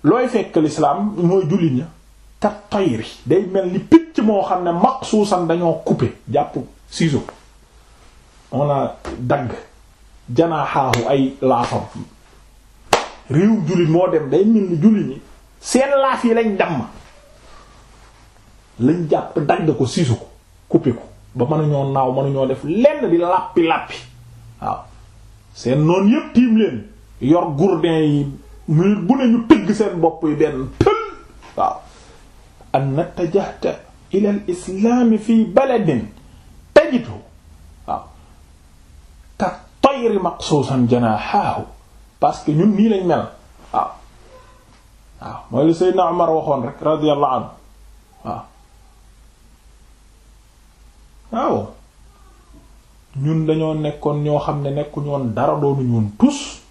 Speaker 1: looy fekk lislaam mooy jullit ña ta tayri day mel ni picc moo xam ne maqsuusan dañoo couper jàpp ciseau on a dagg janaaxaahu ay laafam réew jullit moo dem day mel ni jullit ñi seen laaf yi lañ damm lañ jàpp dagg ko ciseau ko couper ko ba mënuñoo naaw mënuñoo def lenn di làppi làppi waaw seen noonu yépp tiim leen yor gourdin yi minute bu ne ñu tëgg seen bopp yi benn tël waaw an nattajahta ila al islaami fi baladin tajidu waaw ka tayri maqsuusan janaaxaahu parce que ñun nii lañ mel waaw waaw mooy li Seydina Omar waxoon rek radiyallahu anhu waaw waaw ñun dañoo nekkoon ñoo xam ne nekkuñoon dara doonuñu woon tus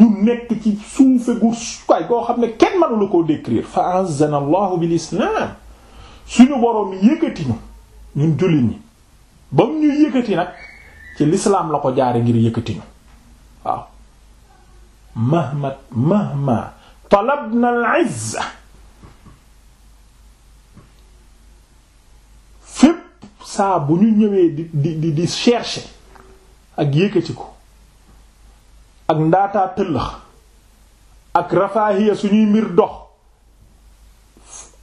Speaker 1: ñu nekk ci suufe gu kay koo xam ne kenn mënu la koo décrire fa anzana allahu bil islam suñu boroom yëkkati ñu ñun jullit ba mu ñuy yëkkati nag ci lislaam la ko jaare ngir yëkkati ñu waaw mahmat saa bu ñu ñëwee di di di chercher ak yëkkati ko ak ndaataa tëllëx ak rafaahiya suñuy mbir dox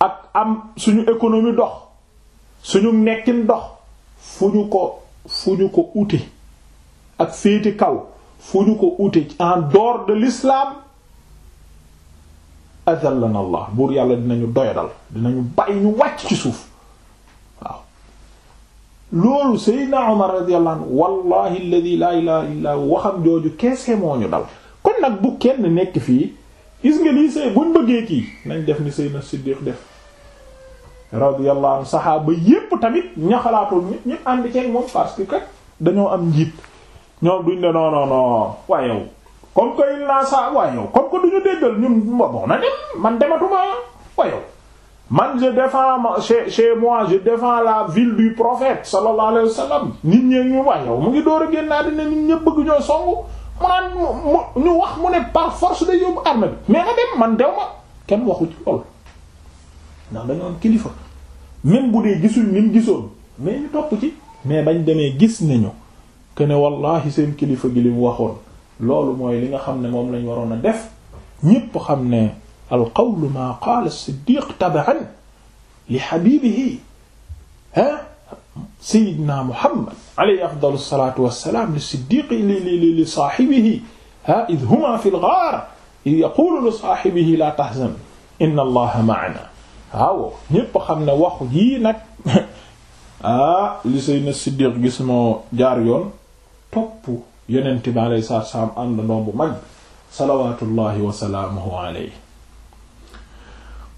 Speaker 1: ak am suñu économie dox suñu nekkin dox fu ñu ko fu ñu ko ute ak féete kaw fu ñu ko ute en door de lislaam azallana allah buur yàlla dinañu doyadal dinañu bàyyi ñu wàcc ci suuf loolu Seydina Omar radiyallahu anhu wallahi alladhi waxam jooju keese moo ñu dal kon nag bu kenn nekk fii gis nga lii sëy buñ bëggee kii nañ def ni Seydina Siddiq def radiyallahu anhu saxaaba yépp tamit ñaxalaatul nit ñu ànd ceeg moom parce que kat dañoo am njiit ñoo duñ ne non non comme que il naa sa waaye yow comme que duñu déggal ñun bon na dem man dematuma waaye man je défends ma chez chez moi je la ville du prophète sallallahu alayhi wa nit ñee ñu wax yow mu ngi door a génn naa dina nit ñëpp bëgg ñoo songu mu naan mu ñu wax mu ne par force de yóbbu armée bi mais nga dem man dew ma kenn waxu ci lool ndax dañu kilifa même bu dee gisuñ ni gisoon mais ñu topp ci mais bañ demee gis nañu que ne wallahi seen kilifa gi li waxoon loolu mooy li nga xam ne moom lañ waroon a def ñépp xam ne al qawlu maa qaala siddiq taban li xabibihi ah sayidna muhammad alayhi afdal alsalatu wassalaam li siddiqi li li saaxibihi ah id huma fi lgaar id yaqulu li saaxibihi laa taxzan inna allaha maana waaw ñépp xam ne wax yii nag ah <laughs> li saydna siddiq gis moo jaar yoon topp yonent bi alayhi salaatu wa salaam àndandoom bu mag salawatullahi wa salaamuhu alayhi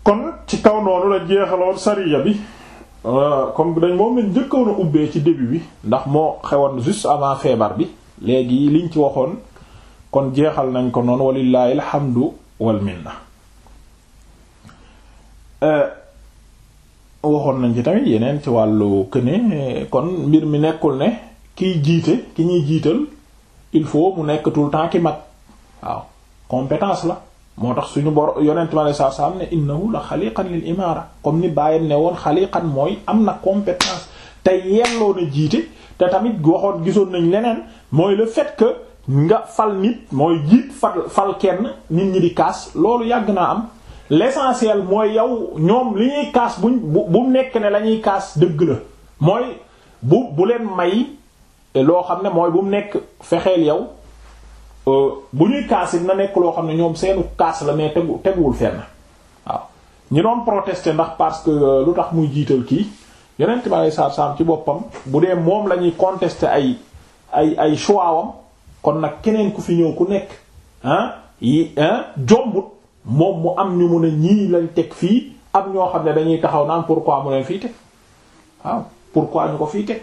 Speaker 1: kon ci kaw noonu la jeexaloon sariya bi euh, comme dañ moom lañ njëkkoon a ubbee ci début bi ndax moo xewoon juste avant feebar bi léegi liñ ci waxoon kon jeexal nañ ko noonu walillahi alhamdu wal minna euh, waxoon nañ ci tamit yeneen ci wàllu këne kon mbir mi nekkul ne kiy jiite ki ñuy jiital il faut mu nekk tout temps ki mag waaw compétence la moo tax suñu bor yonent ma ne saa saa ne innahu la xaliqan lil imaara comme ni bàyyam ne woon xaliqan mooy am na compétence te yelloo na jiite te tamit waxoon gisoon nañ leneen mooy le fait que nga fal nit mooy jiit fal fal kenn nit ñi di kaas loolu yàgg naa am l'essentiel mooy yow ñoom li ñuy kaas buñ bu bu nekk ne la ñuy kaas dëgg la mooy bu bu leen may loo xam ne mooy bu mu nekk fexeel yow. Euh, bu ñuy kaas yi na nekk loo xam ne ñoom seenu kaas la mais tegu teguwul fenn waaw ñi doon protester ndax parce que euh, lu tax muy jiital kii yeneen tubaab yi saam ci boppam bu dee moom la ñuy contester ay ay ay choix kon nag keneen ku fi ñëw ku nekk ah jombut moom mu am ñu mun a ñii lañ teg fii am ñoo xam ne dañuy taxaw naan pourquoi mu ne fii teg waaw pourquoi ñu ko fii teg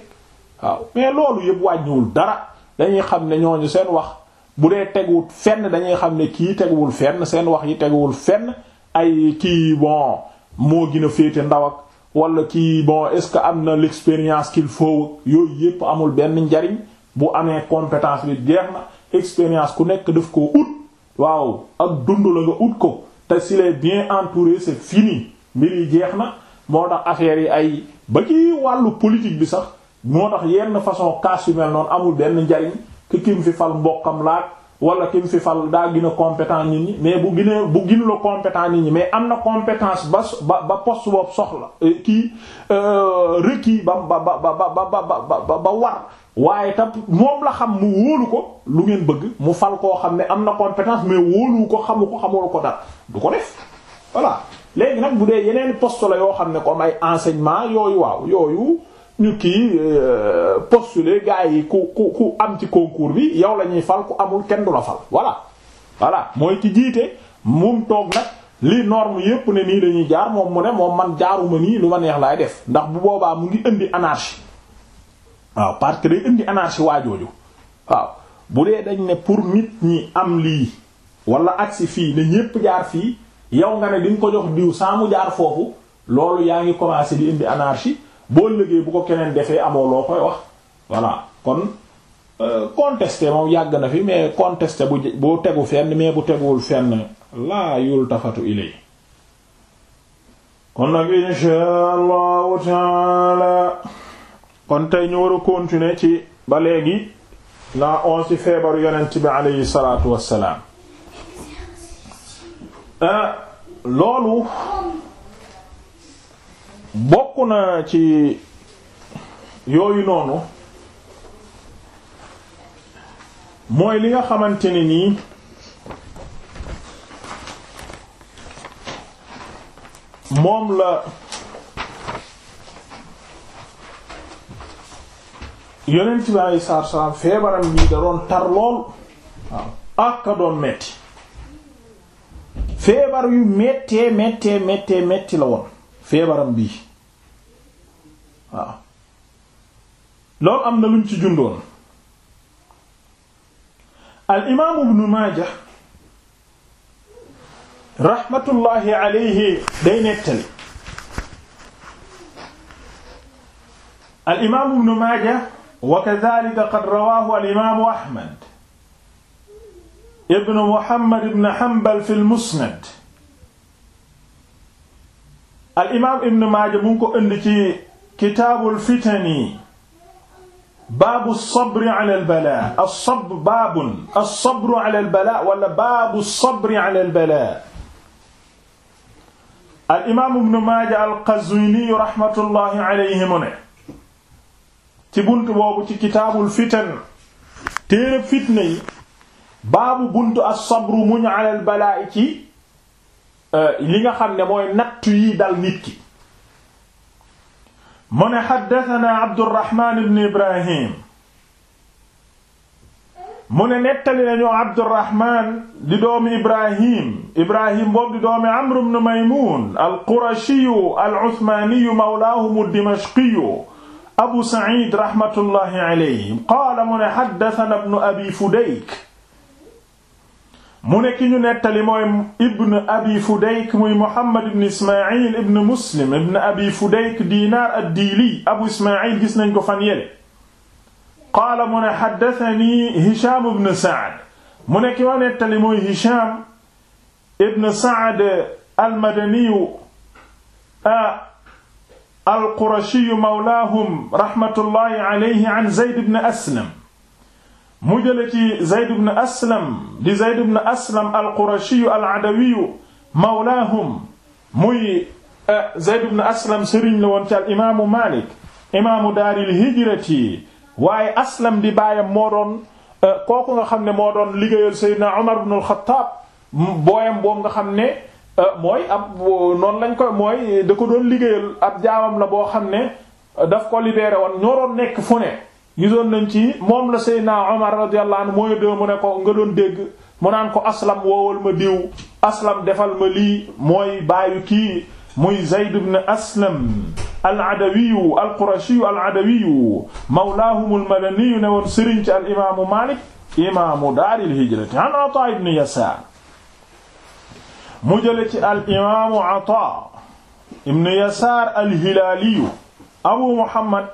Speaker 1: waaw mais loolu yëpp wàññiwul dara dañuy xam ne ñooñu seen wax. bu dee teguwul fenn dañuy xam ne kii teguwul fenn seen wax yi teguwul fenn ay kii bon moo gina a féete ndaw ak wala kii bon est-ce que am na l'expérience qu'il faut yooyu yépp amul benn njariñ bu amee compétence bi jeex na expérience ku nekk def koo ut waaw ak dund la nga ut ko te s'il est bien entouré c'est fini mbir yi jeex na moo tax affaire yi ay ba ci wàllu politique bi sax moo tax yenn façon cas yu mel noonu amul benn njariñ que kim fi fal mbokkam laaj wala kim fi fal daa gën a compétent nit ñi mais bu gënee bu gënu la compétent nit ñi mais am na compétence ba ba ba poste boobu soxla euh, kii euh, requis ba ba ba ba ba ba ba ba war waaye tam moom la xam mu wóolu ko lu ngeen bëgg mu fal koo xam ne am na compétence mais wóolu ko xamu ko xamul ko dara du ko def voilà léegi nag bu dee yeneen poste la yoo xam ne comme ay enseignement yooyu waaw yooyu ñu kii euh, postuler gars yi ku ku ku am ci concours bi yow la ñuy fal ku amul kenn du la fal voilà voilà mooy ci jiite mum toog nag li norme yépp ne nii lañuy jaar moom mu ne moom man jaaruma nii lu ma neex laay def ndax bu boobaa mu ngi indi anarchie waaw parce que day indi anarchie waajooju waaw bu dee dañ ne pour nit ñi am lii wala agsi fii ne ñépp jaar fii yow nga ne di nga ko jox diw saa jaar foofu loolu yaa ngi commencé di indi anarchie boo liggéey bu ko keneen defee amoo loo koy wax voilà kon euh, contesté moom yàgg na fi mais contesté bu bu tegu fenn mais bu teguwul fenn laa yul tafatu ilay kon nag insha allahu taala kon tey ñu war a continuer ci ba léegi la on ci feebaru yonent bi aleyhi salaatu wassalaam euh, loolu bokk na ci yooyu noonu mooy li nga xamante ne nii moom la yonent bi alayhi salaatu salaam feebaram bi da doon tar lool waaw ak doon metti feebar yu mettee mettee mettee metti la woon feebaram bii waaw loolu am na luñ ci jundoon al imaamu ibnu maaja raxmatullaahi alayhi day nettali al imaamu ibnu maaja wa kadaalika qad rawaahu al imaamu ahmad ibnu muhammad ibnu hanbal fi lmusnad al imaam ibnu maaja mu ngi ko indi ci kitaabul fitani baabu sabri alal balaa asab baabun asabru alal balaa wala baabu sabri alal balaa. al imaamu ibnu Maaja al Qazwiini rahmatullahi alayhi mu ne. ci buntu boobu ci kitaabul fitan téereb fitna yi baabu buntu asabru muñ alal balaa ci euh, li nga xam ne mooy nattu yi dal nit ki. mu ne xaddatanaa abdurahman ibn ibrahim mu ne nettali nañu abdurahman di doomi ibrahim ibrahim boobu di doomi amr ibn maymun alqurashiyu aluthmaaniyu mawlaahum aldimashqiyu abu said raxmatullahi alayhi qaala mu ne xaddatana ibnu abi fudayk mu ne ki ñu nettali mooy ibn abi fudayk muy muhammad ibn ismail ibn muslim ibn abi fudayk diinaar ad-diili abu ismail gis nañ ko fan yele qaala mu ne xaddatani hisham ibn saad mu ne ki ma nettali mooy hisham ibn saad almadaniyu alqurashiyu mawlaahum raxmatullahi alayhi an zayd ibn aslam mu jële ci Zayd ibn Aslam di Zayd ibn Aslam al-Qurashiyu al-Adawiyu mawlaahum muy eh, Zayd ibn Aslam sëriñ la woon ci al imaamu Maalik imaamu daaril hijrati waaye Aslam di baayam moo doon eh, kooku nga xam ne moo doon liggéeyal Seydina Umar ibn al-Khattab booyam boobu nga xam ne eh, mooy ab noonu lañ koy mooy da ko doon liggéeyal ab jaamam la boo xam ne daf ko libéré woon ñoo nekk fu ne gisoon nañ ci moom la Seydina Omar radiyallahu anhu mooy mu ne ko nga doon mu naan ko aslam woowal ma diw aslam defal ma lii mooy baayu kii muy Zayd ibn Aslam al-Adawiyu al-Qurashiyu al-Adawiyu mawlaahum al-Madaniyu ne woon sëriñ ci al imaamu Maalik imaamu hijrati an Ataa ibn Yasaar mu jële al imaamu Ataa ibn Yasaar al-Hilaaliyu Abu Muhammad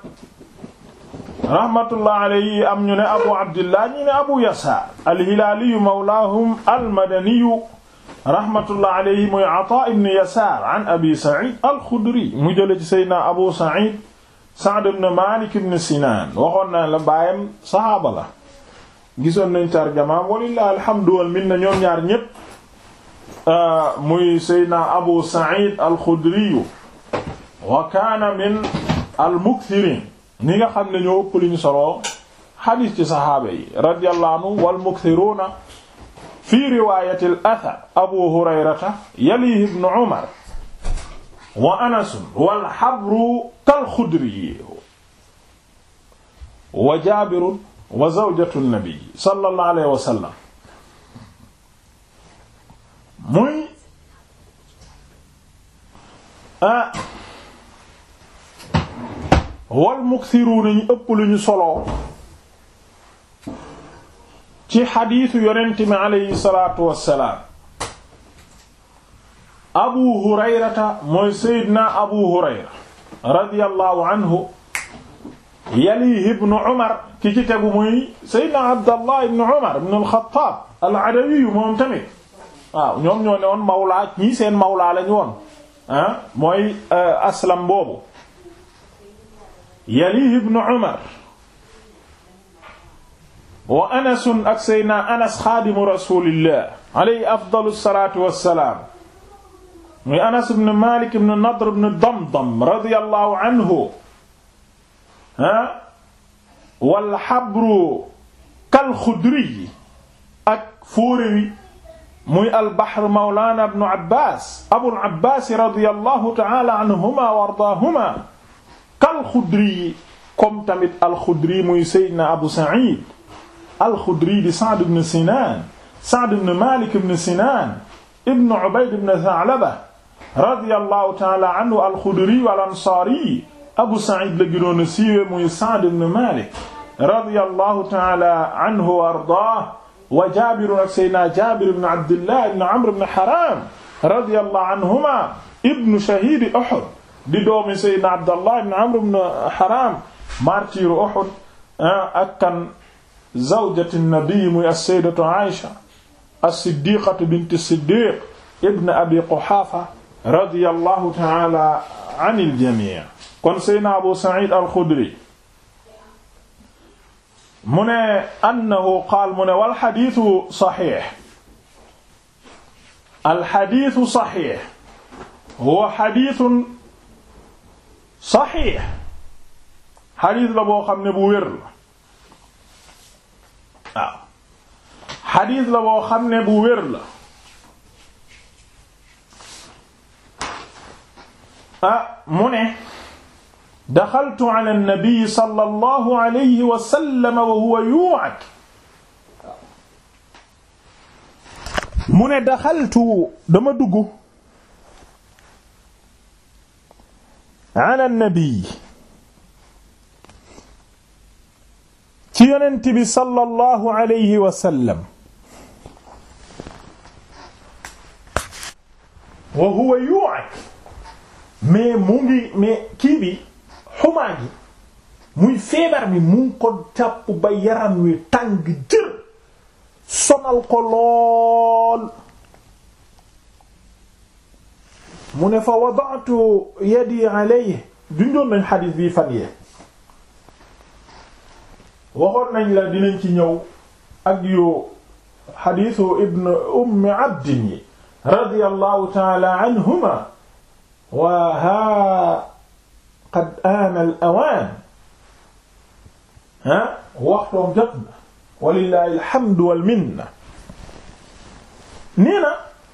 Speaker 1: rahmatullah alayhi am ñu ne abu abdillah ñu ne abu yasaar alhilaaliyu mawlaahum almadaniyu rahmatullah alayhi muy ataa ibn yasaar an abi said alxudri mu jële ci seydna abu said saad ibn malik ibn sinan waxoon na la baayam saxaaba la gisoon nañ tarjamaam walilah alhamdu wal minna ñoom ñaar ñépp muy seydna abu said alxudriyu wa kaana min almukthirin ñi nga xam ne ñoo ëpp li ñu soloo xadiis ci saxaaba yi radiyallahu anhu wal muktiruuna fi riwaayati al athar abu hurayrata yalihi ibnu umar wa anasun wal xabru kal xudri wa jaabirun wa zawjatu nabi sallallahu alayhi wa sallam muy ah wal muksiruuna ñu ëpp lu ñu soloo ci xadiisu yonent mi aleyhi salaatu wassalaam abu hurayrata mooy seydina abu hurayra radiyallahu anhu yalihi ibnu umar ki ci tegu muy seydina abdallah ibnu umar ibnu alxataab aladawiyu moom tamit waaw ñoom ñoo ne woon mawlaa ñii seen mawlaa lañu woon ah mooy euh, aslam boobu yalihi ibnu umar wa anasun ak seydna anas xaadimu rasulillah alayhi afdalu salaatu wassalaam muy anas ibnu malik ibnu nadr ibnu damdam radiyallahu anhu ha wal xabru kal xudri ak fóore wi muy albaxr mawlaana ibnu abbaas abul abbaas radiyallahu ta'ala anhuma wa ardaahuma kal xudri yi comme tamit alxudri muy Seydina Abu Saïd alxudri di Sa'd ibn Sinan Sa'd ibn Malik ibn Sinan ibn Ubayd ibn Tha'laba radiyallahu ta'ala anhu alxudri wal ansaari Abu Saïd la gënoon a siiwee muy Sa'd ibn Malik radiyallahu ta'ala anhu wa ardaahu wa Jaabir ak Seydina Jaabir ibn Abdillah ibn Amr ibn Haram radiyallahu anhuma ibn shahiid Uhud di doomi Seydina Abdallah ibn Amr ibn Haram martiru Uhud ah, ak kan zawjati nabi muy as-sayyidatu Aïsha as-siddiqatu bint as-siddiq ibn abi Quhafa radiyallahu ta'ala anil jami' kon Seydina Abu Sa'id al-Khudri mu ne annahu qaal mu ne wal xadiisu saxiix al xadiisu saxiix huwa xadiisun saxiix xadiis la boo xam ne bu wér la waaw xadiis la boo xam ne bu wér la ah mu ne daxaltu ala nabi sallallahu alayhi wa sallam wa huwa yu'ak mu ne daxaltu dama dugg an annabi ci yonent bi sallallahu alayhi wa sallam wa huwa yu'ak mais mu ngi mais kii bi xumaa gi muy feebar bi mu ngi ko jàpp ba yaram wi tàng jër sonal ko lool mu ne fa wada'tu yadi alayhi junjoon nañ xadis bi fan yee waxoon nañ la dinañ ci ñëw ak yu xadisu ibn ummi abdin yi radiyallahu taala anhuma wa ha qad aana al awaan ah waxtoom jot na walillahi alhamdu wal minna nee na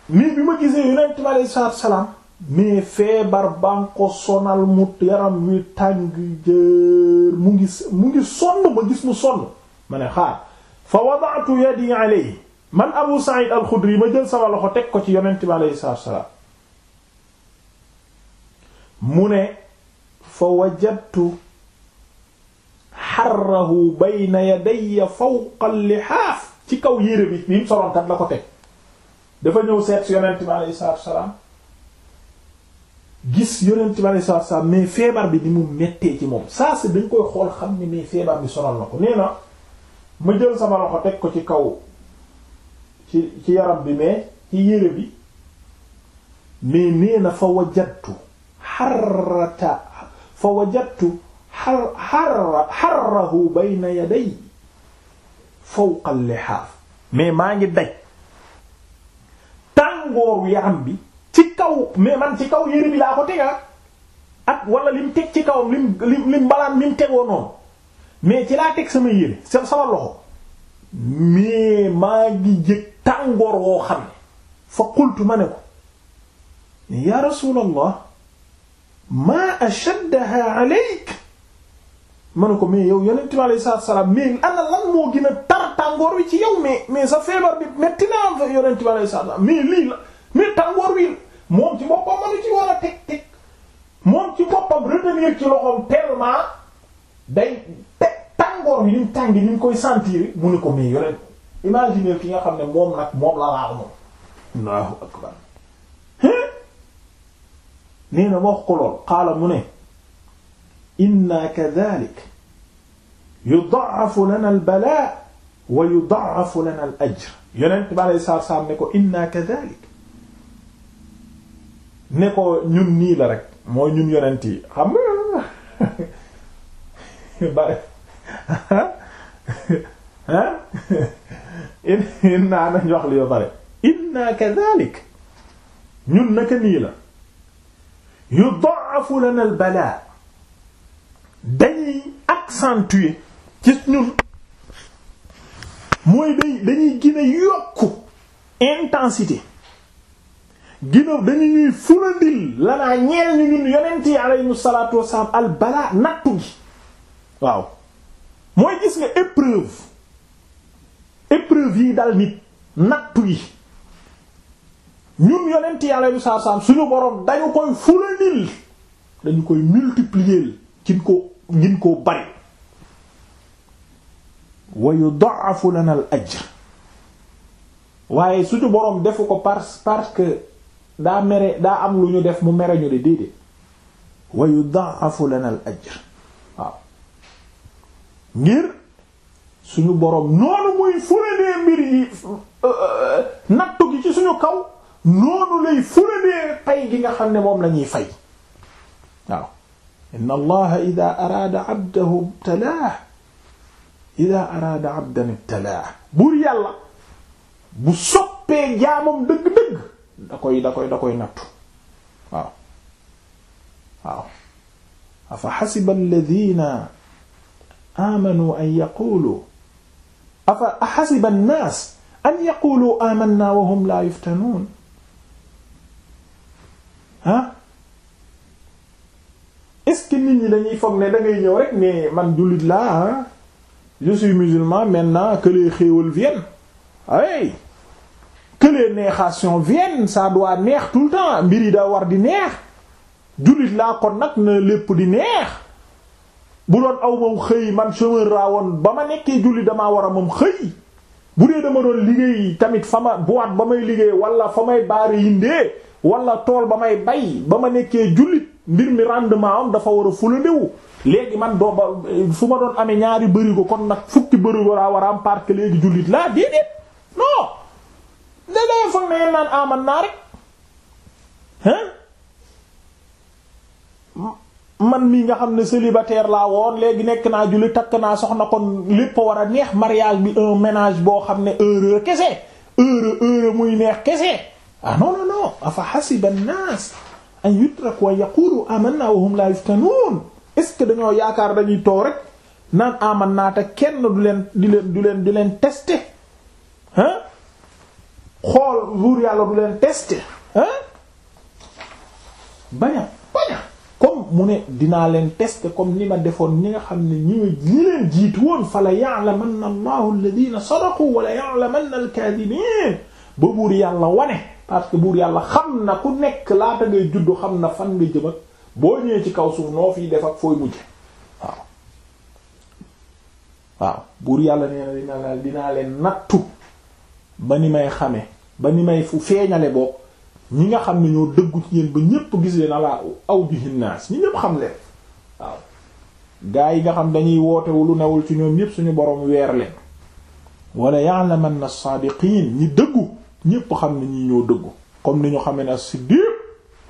Speaker 1: nii bi ma gisee yonent bi alayhi salaatu wa salaam mais feebar ba ko sonal mu yaram wi tàng jër mu ngi son ngi gis mu sonn ma ne xaar fa wada'tu yadi alayhi man Abu Sa'id al ma jël sama loxo teg ko ci yonent bi alayhi salaatu wa mu ne fa wajadtu xarrahu bayna yadayya fawqa al-lihaaf ci kaw yére bi bi mu soloon la ko teg dafa ñëw seet si yonent bi alayhi salaatu wa gis yonent bi saa saa mais feebar bi ni mu mettee ci moom saa si dañ koy xool xam ne mais feebar bi sonal na ko nee na ma jël sama loxo teg ko ci kaw ci ci yaram bi mais ci yére bi mais nee na fa wajattu xarrata fa wajattu xar xar xarrahu bayna yaday fawqa lihaaf mais maa ngi daj tàngooru yaram bi ci kaw mais man ci kaw yére bi laa ko tegaat ak wala lim teg ci kawam lim lim lim balaan lim tegoo noonu mais ci laa teg sama yére sama sama loxo mais maa ngi jëg tàngoor woo xam ne fa qultu ma ne ko ya rasulallah maa yow yonent bi alayhi salaatu ana lan moo gën a tar tàngoor wi ci yow mais mais sa feebar bi metti na am fa yonent bi alayhi salaatu tàngoor wi moom ci boppam mënu ci war a teg moom ci boppam retenir ci loxoom tellement day teg tàngoor bi ni mu tàng ni koy santi mu ne ko muy yore imaginer ki nga xam ne moom nag moom la laal moom. Allahu akbar. nee na wax ko lool qaala mu ne. inna kadhalik yud'afu lana al-balaa wa yud'afu lana al-ajr. yonent bi alayhi salaam ne ko inna kadhalik ne ko ñun nii la rek mooy ñun yonent yi xam nga <laughs> <laughs> ba ah naa nañ wax li yo pare inna kadhalik ñun naka nii la yudha'afu lana al bala dañuy accentuer ci ñun mooy day dañuy gën a intensité ginaw dañu ñuy fulandil lanaa ñeel ñu ñun yonent yi aleyhim wasalaam al nattu gi waaw mooy gis nga épreuve épreuve yi dal nit nattu gi ñun yonent yi wasalaam suñu borom dañu koy fulandil dañu koy multiplier cin ko ngin koo bari wa yudaafu lana ajr waaye suñu borom defu ko parce parce que daa mere daa am lu ñu def mu mere ñu de déedéet wa yudaafu lana ajr waaw ngir suñu boroom noonu muy fulandee mbir yi euh, euh, nattu gi ci suñu kaw noonu lay fulandee pay gi nga xam ne moom lañuy fay waaw inna allaha ida araada abdahu ibtalah ida araada yàlla bu soppee jaamam dëgg-dëgg da koy da koy nattu waaw waaw afa xasiba alladina amanu an yaqulu afa xasiba annaas an yaqulu amanna wa hum la yuftanuun ah est-ce ñi dañuy foog ne da ngay ñëw rek ne man jullit laa ah? je suis musulman maintenant que les xéewal viennent que neexaation néexations viennent ça doit neex tout temps mbir yi daa war di neex jullit laa kon nag na lépp di neex bu doon aw moom xëy man chômeur laa woon ba ma nekkee jullit damaa war a moom xëy bu dee dama doon liggéey tamit fa ma boîte ba may liggéey wala fa may baare yindee wala tool ba may bay ba ma nekkee jullit mbir mi rendement am dafa war a fulandewu léegi man doo fu ma doon amee ñaari bërigo kon nag fukki bërigo laa war a am parce que léegi jullit laa déedéet non da ngay foog ne naan aman naa rek man mii nga xam ne célibataire laa woon léegi nekk naa julli takk naa soxna kon lépp war a neex mariage bi un ménage boo xam ne heure kese heure heure muy neex kese ah non non non afa hasiba an-nas an yutraku wa yaqulu amanna wa hum la yuftanun est-ce que dañoo yaakaar dañuy toog rek naan aman naa te kenn du leen di leen du leen di leen tester xool buur yàlla du leen tester hein baña baña comme mu ne dinaa leen tester comme ni ma defoon ñi nga xam ne ñooy ñi leen jiitu woon fa la ya'lamanna allahu alladhina sadaqu wa la ya'lamanna al-kadhibin ba buur yàlla wane parce que buur yàlla xam na ku nekk laata ngay juddu xam na fan nga jëm ak boo ñëwee ci kaw suuf noo fiy def ak fooy mujj waaw waaw buur yàlla nee na dinaa leen nattu ba ni may xame ba ni may fu feeñale bokk ñi nga xam ne ñoo dëggu ci yéen ba ñépp gis leen ala aw bi hinnaas ñi ñépp xam leen waaw yi nga xam dañuy wootewu lu ci ñoom ñépp suñu borom weer leen na ya'lamanna as-saadiqiin ñi dëggu ñépp xam ne ñi ñoo dëggu comme ni ñu xamee ne as-siddiq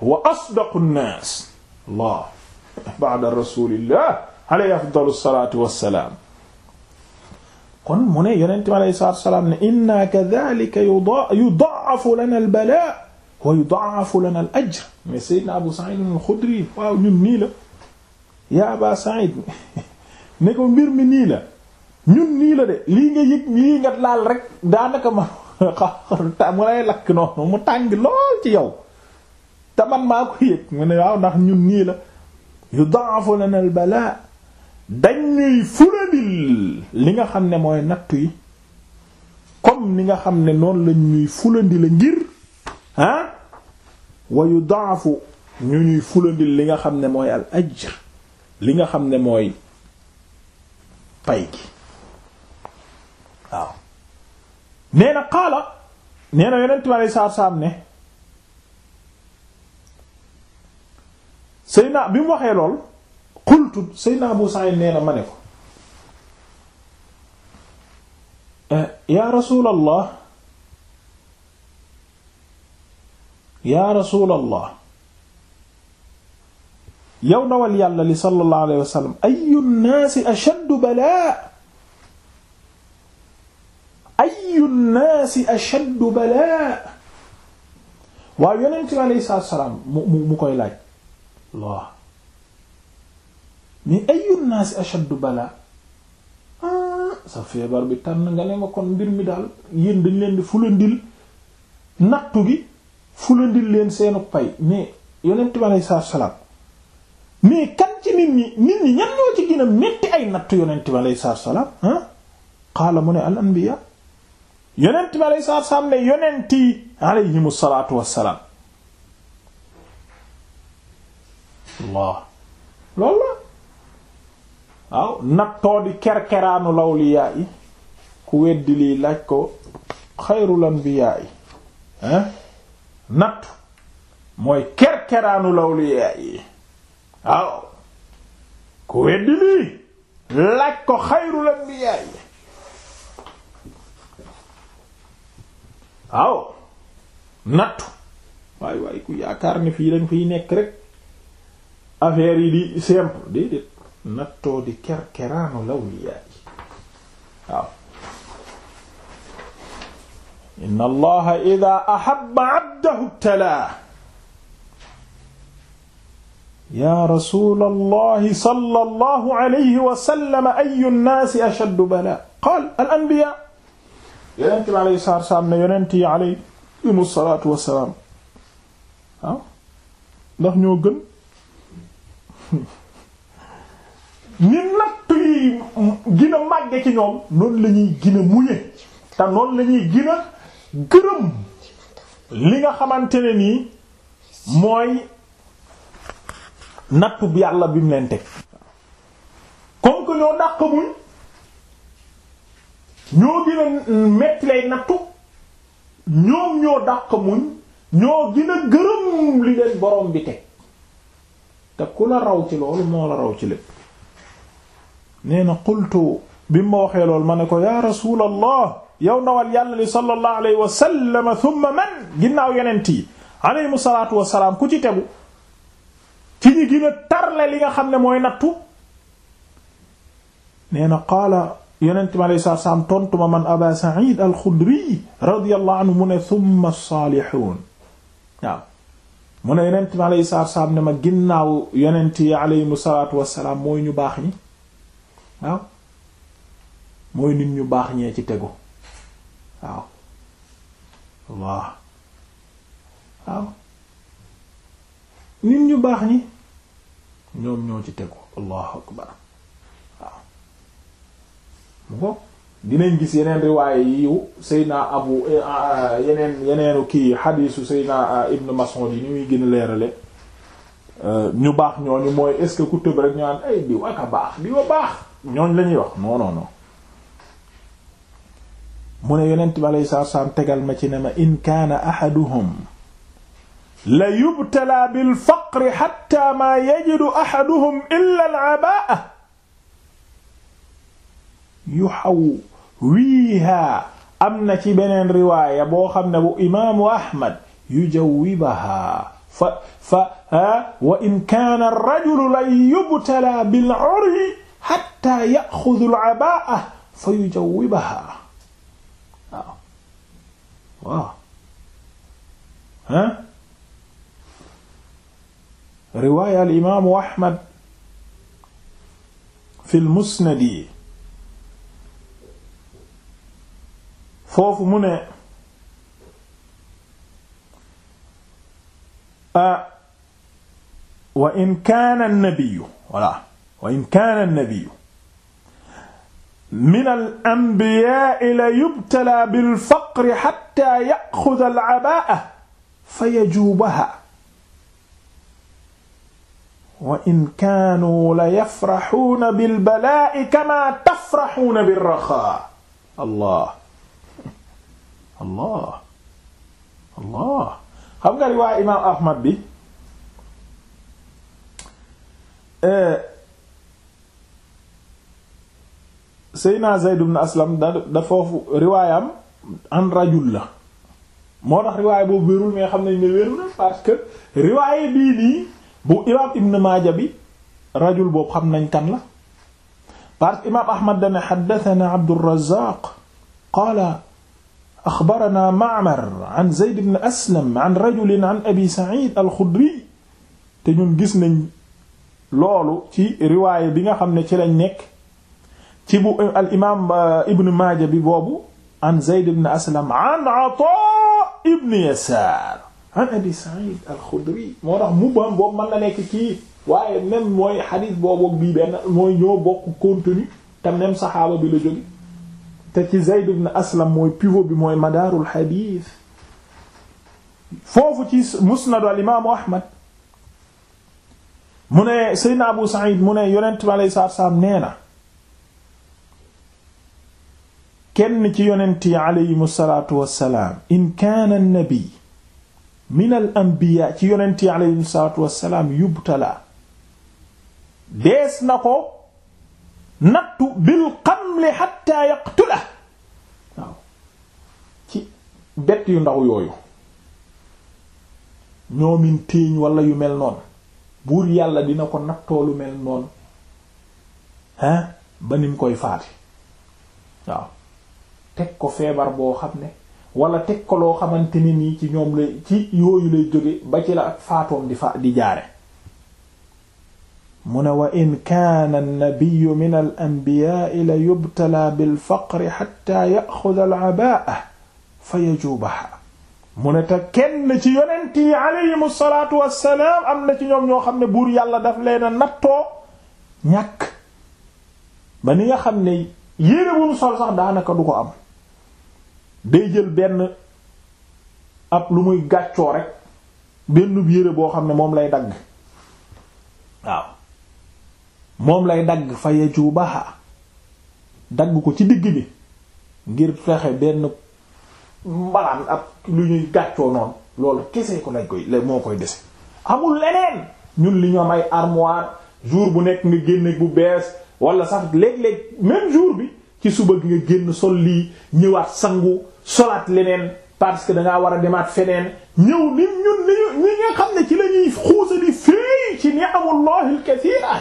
Speaker 1: wa asdaqu nnaas allah <laughs> ba'da rasulillah alayhi afdalu salatu kon mu ne yonent bi alayhi salaatu wa salaam ne inna kadhalika yudaafu lana al balaa wa yudaafu lana al ajr mais Seydina Abu Sa'id al-Khudri waaw ñun nii la yaa Aba Sa'id <laughs> ne ko mbir mi nii la ñun nii la de lii nga yëg lii nga laal rek daanaka ma xaw <laughs> mu lay lakk noonu mu tàng lool ci yow te man maa ko yëg mu ne waaw ndax ñun nii la yudaafu lana al balaa dañuy fulandil li nga xam ne mooy nattu yi comme ni nga xam ne noonu lañ ñuy fulandi la ngir ah wa yudaafu ñu ñuy fulandil li nga xam ne mooy al li nga xam ne mooy pay gi waaw nee na qaala nee na yonent bi alei saatu salaam ne bi mu waxee lool xultu Seydina Abu Sa'id nee na ma ne ko eh, yaa rasulallah yaa rasulallah yow dawal yàlla li sallallahu alayhi wa sallam ayu nnaasi ashaddu balaa ayu nnaasi ashaddu balaa waaw yonent bi alayhi salaatu wa salaam mu mu mu koy laaj Allah mais ayyu naasi ashaddu balaa ah, sa feebar bi tànn nga ne ma kon mbir mi daal yéen dañ leen di fulandil nattu gi fulandil leen seenu pay mais yonent bi aleyhi salaatu salaam mais kan ci nit ñi nit ñoo ci gën metti ay nattu yonent bi aleyhi salaatu salaam ah qaala mu ne al anbiya yonent bi aleyhi salaatu salaam ne yonent loolu waaw nattoo di kerkeraanu lawliyaa yi ku weddi lii laaj ko xayrul anbiyaa yi hein nattu mooy kerkeraanu lawliyaa yi waaw ku weddi lii laaj ko xayrul anbiyaa yi waaw nattu waay waay ku yaakaar ni fii dañ fiy nekk rek affaire yi di simple déedéet nattoo di kerkeraanu lawliyaa yi waaw inna allaha ida ahabba abdahu ibtalaa yaa rasula allahi sala allahu alayhi wasallama ayu nnaasi ashaddu balaa qaal al anbiya yonent bi alayhi salaatu wassalaam ne yonent yi alayhim salaatu wassalaam waaw ndax ñoo gën <laughs> ni natt yi gën a ci ñoom noonu la ñuy gën a muñe te noon lañuy ñuy gën gërëm li nga xamante ne mooy nattu bi yàlla bi mu leen teg comme que ñoo dàq muñ ñoo gën metti lay nattu ñoom ñoo dàq muñ ñoo gën gërëm li leen borom bi teg te ku la raw ci loolu moo la raw ci lépp nee na qultu bi mu ma waxee lool ma ne ko yaa rasulallah yow nawal yàlla li sallallahu alayhi wa sallam thumma man ginnaaw yonent yi alayhimu salaatu wa salaam ku ci tegu ci ñi gën a li nga xam ne mooy nattu nee na qaala yonent mi alayhi salaatu salaam tontu ma man Aba Saïd al-Khudri radiyallahu anhu mu ne thumma as-saalihuun waaw mu ne yonent mi alayhi salaatu wa salaam ne ma ginnaaw yonent yi alayhimu salaatu wa salaam mooy ñu baax ñi. waaw mooy nit ñu baax ñee ci tegu waaw Allah waaw nit ñu baax ñi ñoom ñoo ci tegu allahu akbar waaw mu ko dinañ gis yeneen riwaaye yiw Seydina Abu eh, ah, ah, yeneen yeneenu kii xadiisu Seydina ah, Ibn Mas'ud yi ni muy gën a leerale eh, ñu baax ñooñu mooy est-ce que ku tëb rek ñu naan ay diw baax bi a baax ñooñ la ñuy wax non non non mu ne yonent bi aleyhi salaatu salaam tegal ma ci ne ma in kaana ahaduhum la yubtala bil faqri hatta ma yajidu ahaduhum illa al abaa'a yuhawwiha am na ci beneen riwaaya boo xam ne bu imaamu Ahmad yujawwibaha fa fa wa in kaana ar-rajulu la yubtala bil uryi xatta yaxudu labaa fa yujawibaha waaw waaw ah riwaaya al imaamu ahmad fi lmusnad yi foofu mu ne ah, wa in kaana annabiyu voilà wa in kaana an-nabiyyu min al-anbiyaa'i la yubtalaa bil-faqri hattaa ya'khudha al-'abaa'ata fayajuubahaa wa in kaanuu la yafrahuuna bil-balaa'i kamaa tafrahuuna bir-raxaa' allah allah allah xam nga riwaaya imaam Ahmad bi eh, Seyna Zayd ibn Aslam da foofu riwaayam an rajul la moo tax riwaay boobu wérul mais xam nañ ne wér na parce que riwaay bii nii bu imaam Ibn Maaja bi rajul boobu xam nañ kan la parce que imaam Ahmad dane haddathana Abdurrazzaq qaala axbarana Ma'mar an Zayd ibn Aslam an rajulin an te ñun gis nañ loolu ci riwaay bi nga xam ne ci lañ nekk ci bu euh, al imaam euh, Ibn Maaja bi boobu an Zayd ibn Aslam an Ataa ibn Yasaar an Abi Saïd al-Khudri moo tax mu ba boobu mën na nekk kii waaye même mooy xadiis boobu ak bii benn mooy ñoo bokk contenu te même saxaaba bi la jóge te ci Zayd ibn Aslam mooy pivot bi mooy madaarul xadiis foofu ci musnadu al imaamu Ahmad mu ne Seydina Abu Saïd mu ne yonent bi alayhi salaam nee na kenn ci yonent yi aleyhim salaatu wassalaam in kaana annabi min al ci yonent yi aleyhim salaatu wassalaam yubtala dees na ko nattu bil xamle xatta yaqtula waaw ci bet yu ndaw yooyu ñoomin téeñ wala yu mel noon buur yàlla dina ko nattoo lu mel noonu hein ba nim koy faati waaw teg ko feebar boo xam ne wala teg ko loo xamante ni nii ci ñoom lay ci yooyu lay jóge ba ci la faatoom di fa di jaare mu ne wa in kaana an-nabiyyu min al-anbiyaa'i la yubtalaa bil-faqri hattaa ya'xuda al-'abaa'a fa yajuubahaa mu ne kenn ci yonent am na ci ñoom ñoo xam ne buur yàlla daf leena nattoo ñàkk ba ni nga xam ne yére bu mu sol sax daanaka du ko am day jël benn ab lu muy gàccoo rek benn yére boo xam ne moom lay dagg waaw moom lay dagg fayeju baaxa dagg ko ci digg bi ngir fexe benn mbalaan ab lu ñuy gàccoo noonu loolu kese ko lañ koy moo koy dese amul leneen ñun li ñu am armoire jour bu nekk nga génne bu bees walla sax léeg-léeg même jour bi ci suba gi génn sol lii ñëwaat sangu solaat leneen parce que dangaa war a demaat feneen ñëw ni ñun ni ñi nga xam ne ci la ñuy xuusa di fii ci ni'amullahi al-kathira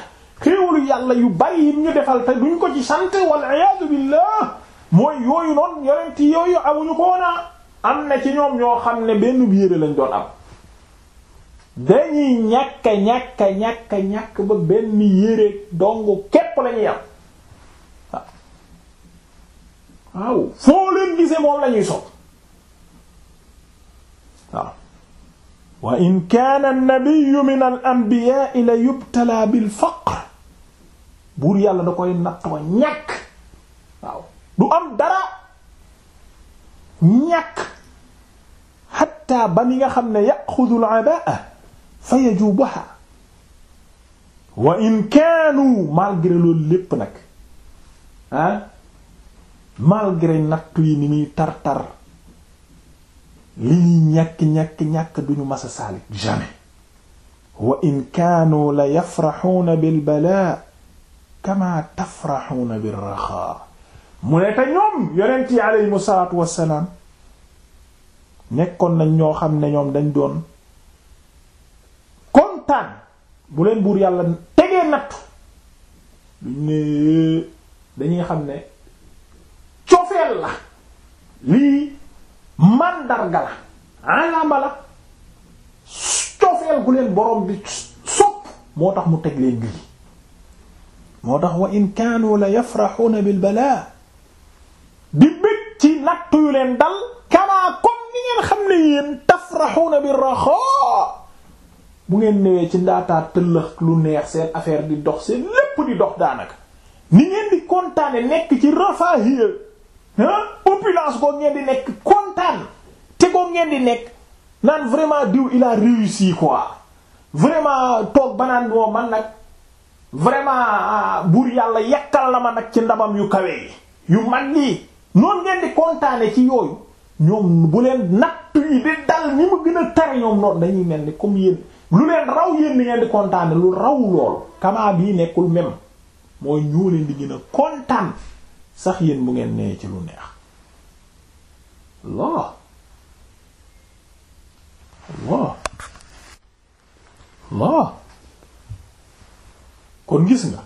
Speaker 1: xéewalu yàlla yu bari yi ñu defal te duñ ko ci sant wal iyaadu billah mooy yooyu noonu yonent yooyu amuñu ko woona am na ci ñoom ñoo xam ne benn bi yére lañ doon am dañuy ñàkka ñàkka ñàkka ñàkk ba benn yére dong képp lañuy am waaw foo leen gisee moom lañuy sopp waaw wa in kaana an-nabiyyu min al-anbiyaa'i la yubtalaa bil faqr buur yàlla da koy naqwa ñàkk waaw du am dara ñàkk xatta ba ni nga xam ne yaxudu al-abaa'a fa yajuubuha wa in kaanu malgré loolu lépp nag ah malgré nattu yi ni muy tar-tar li ñuy ñàkk-ñàkk-ñàkk duñu masa saalik jamais wa in kaanu la yafraxuuna bil balaa kama tafraxuuna bir raxaa mu ne te ñoom yonent yi aleyhimu salaatu wassalaam nekkoon nañ ñoo xam ne ñoom dañ doon kontaan bu leen buur yàlla tegee nattu duñ ne eh, dañuy xam ne modèle la lii màndarga la alaama la cofeel gu leen borom bi sopp moo tax mu teg leen lii moo tax wa in kaanu la yafraxuuna bil balaa di bëgg ci nattu yu leen dal kamaa comme ni ngeen xam ne yéen tafraxuuna bir raxaa bu ngeen newee ci ndaataa tëllëx lu neex seen affaire di dox seen lépp di dox daanaka ni ngeen di kontaane nekk ci rafaahiya opulence googu ngeen di nekk kontaan te googu ngeen di nekk naan vraiment diw il a réussi quoi vraiment toog ba naan moo man nag vraiment ah, buur yàlla yàkkal na ma nag ci ndamam yu kawe yi yu mag yi noonu ngeen di kontaane ci yooyu ñoom bu leen nattu yi di dal ñi mu gën a tar ñoom noonu dañuy mel ni comme yéen lu leen raw yéen ni ngeen di kontaane lu raw lool kamaa bii nekkul même mooy ñoo leen di gën a kontaan sax yéen bu ngeen nee ci lu neex Allah Allah Allah kon gis nga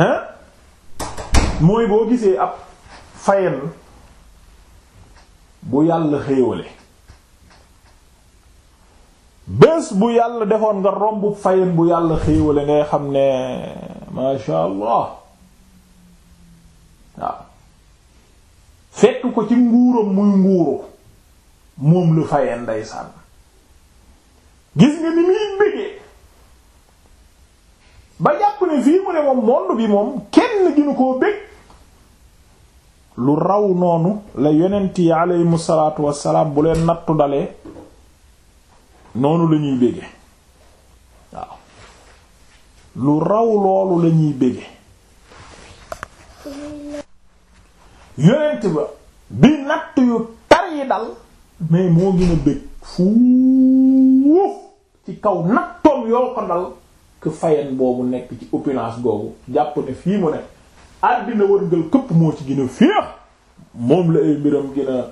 Speaker 1: hein mooy boo gisee ab fayen bu yàlla xéewale bés bu yàlla defoon nga romb fayen bu yàlla xéewale ngay xam ne masha Allah fekk ko ci nguuram muy nguuru moom la fayee ndeysaan gis nga ni muy bëggee ba jàpp ne fii mu ne moom monde bi moom kenn ginu koo bëgg lu raw noonu la yonent yi aleyhimu salaatu wassalaam bu leen nattu dalee noonu lañuy ñuy waaw lu raw loolu lañuy ñuy bëgge ba bi natt yu tar yi dal mais moo gën a fuuf ci kaw nattoom yoo ko dal que fayen boobu nekk ci opulence googu jàpp ne fii mu ne àddina wërngal këpp moo ci gën a féex moom la ay mbiram gën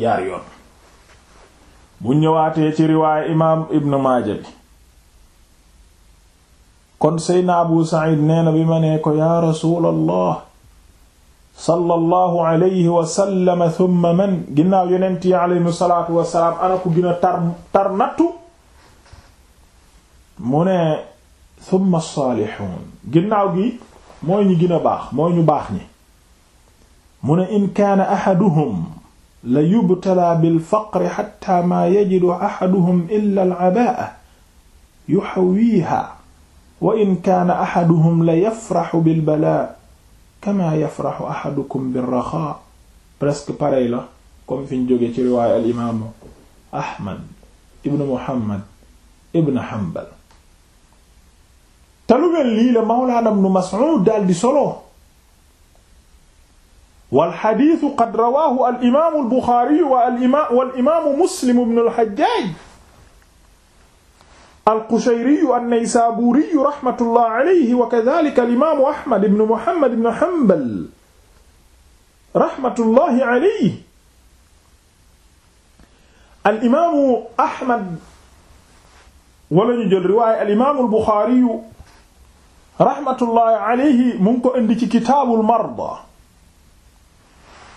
Speaker 1: jaar yoon bu ñëwaatee ci riwaaya imaam ibnu maaja bi kon seyna abu sa'id nee na bi ma nee ko yaa rasuulallah sallallahu alayhi wa sallam thumma man ginnaaw yonent yi alayhi salaatu wa salaam ana ko gën a tar tar nattu mu ne thumma saalixuun ginnaaw gi mooy ñu gën a baax mooy ñu baax ñi mu ne in kaana axaduhum la yubtalaa bil faqri xatta maa yajidu axaduhum illa al abaa'a yuxawiihaa wa in kaana axaduhum la yafraxu bil balaa kama yafraxu ahadukum birraxa presque pareil la comme fi ñu jógee ci riwaaya al imaamu ahmad ibnu muhammad ibnu hanbal te lu mel lii la mawlaana ibnu mas'ud daal di solo wal xadiisu qad rawaahu al imaamu al buxaari wal imaamu muslim ibnu al xajjaaj al-Qushayriyu an-Naysaburiyu rahmatullah alayhi wa kadhalika al-imaamu Ahmad ibn Muhammad ibn Hanbal rahmatullahi alayhi al-imaamu Ahmad wala ñu jël riwaaya al-imaamu al-Bukhariyu rahmatullahi alayhi mu ngi ko indi ci kitaabul marda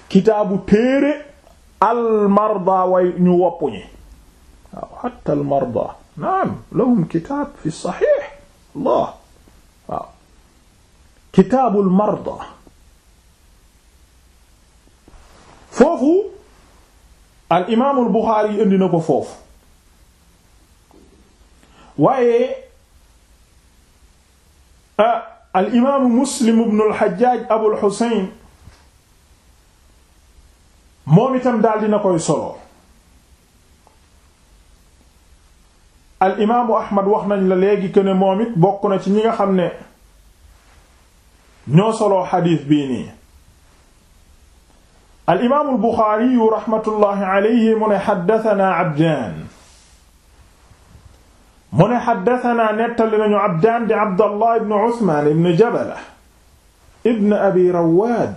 Speaker 1: kitaabu téere al marda way ñu wopp ñi waaw hatta al marda naam lahum kitaab fi saxiix Allah waaw kitaabul marda foofu al imaamul Buxaari indi na ko foofu waaye al imaamu Muslim ibnul Hajjaaj Abul Husayn moom itam daal dina koy solo. al ahmad wax nañ la léegi que ne moom bokk na ci ñi nga xam ne ñoo soloo xadiis bii nii al imaamul buxaari raxmatullahi alayhi mu ne xaddatanaa abdaan mu ne xaddatanaa nettali nañu abdaan di abdallah ibn usmaan ibn jabala ibn abi rawaad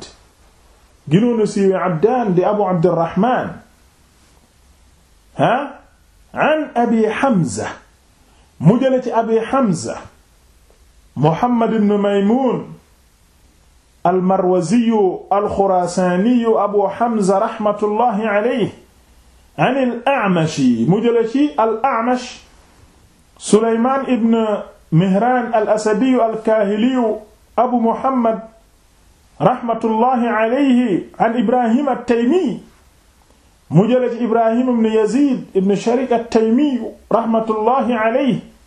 Speaker 1: ginoonu siiwe abdaan di abu abdirahmaan ha an abi hamza mu jële ci abi hamza muhammad ibn maymun almarwaziyu alxurasaaniyu abu hamza raxmatullahi alayhi an al-a'mashi mu jële ci al-a'mash suleymaan ibn mihraan al-asadiyu al-kaahiliyu abu muhammad raxmatullahi alayhi an ibrahim at-taymi mu jële ci Ibrahim ibn Yazid ibn Sharik at-Taymi rahmatullahi alayhi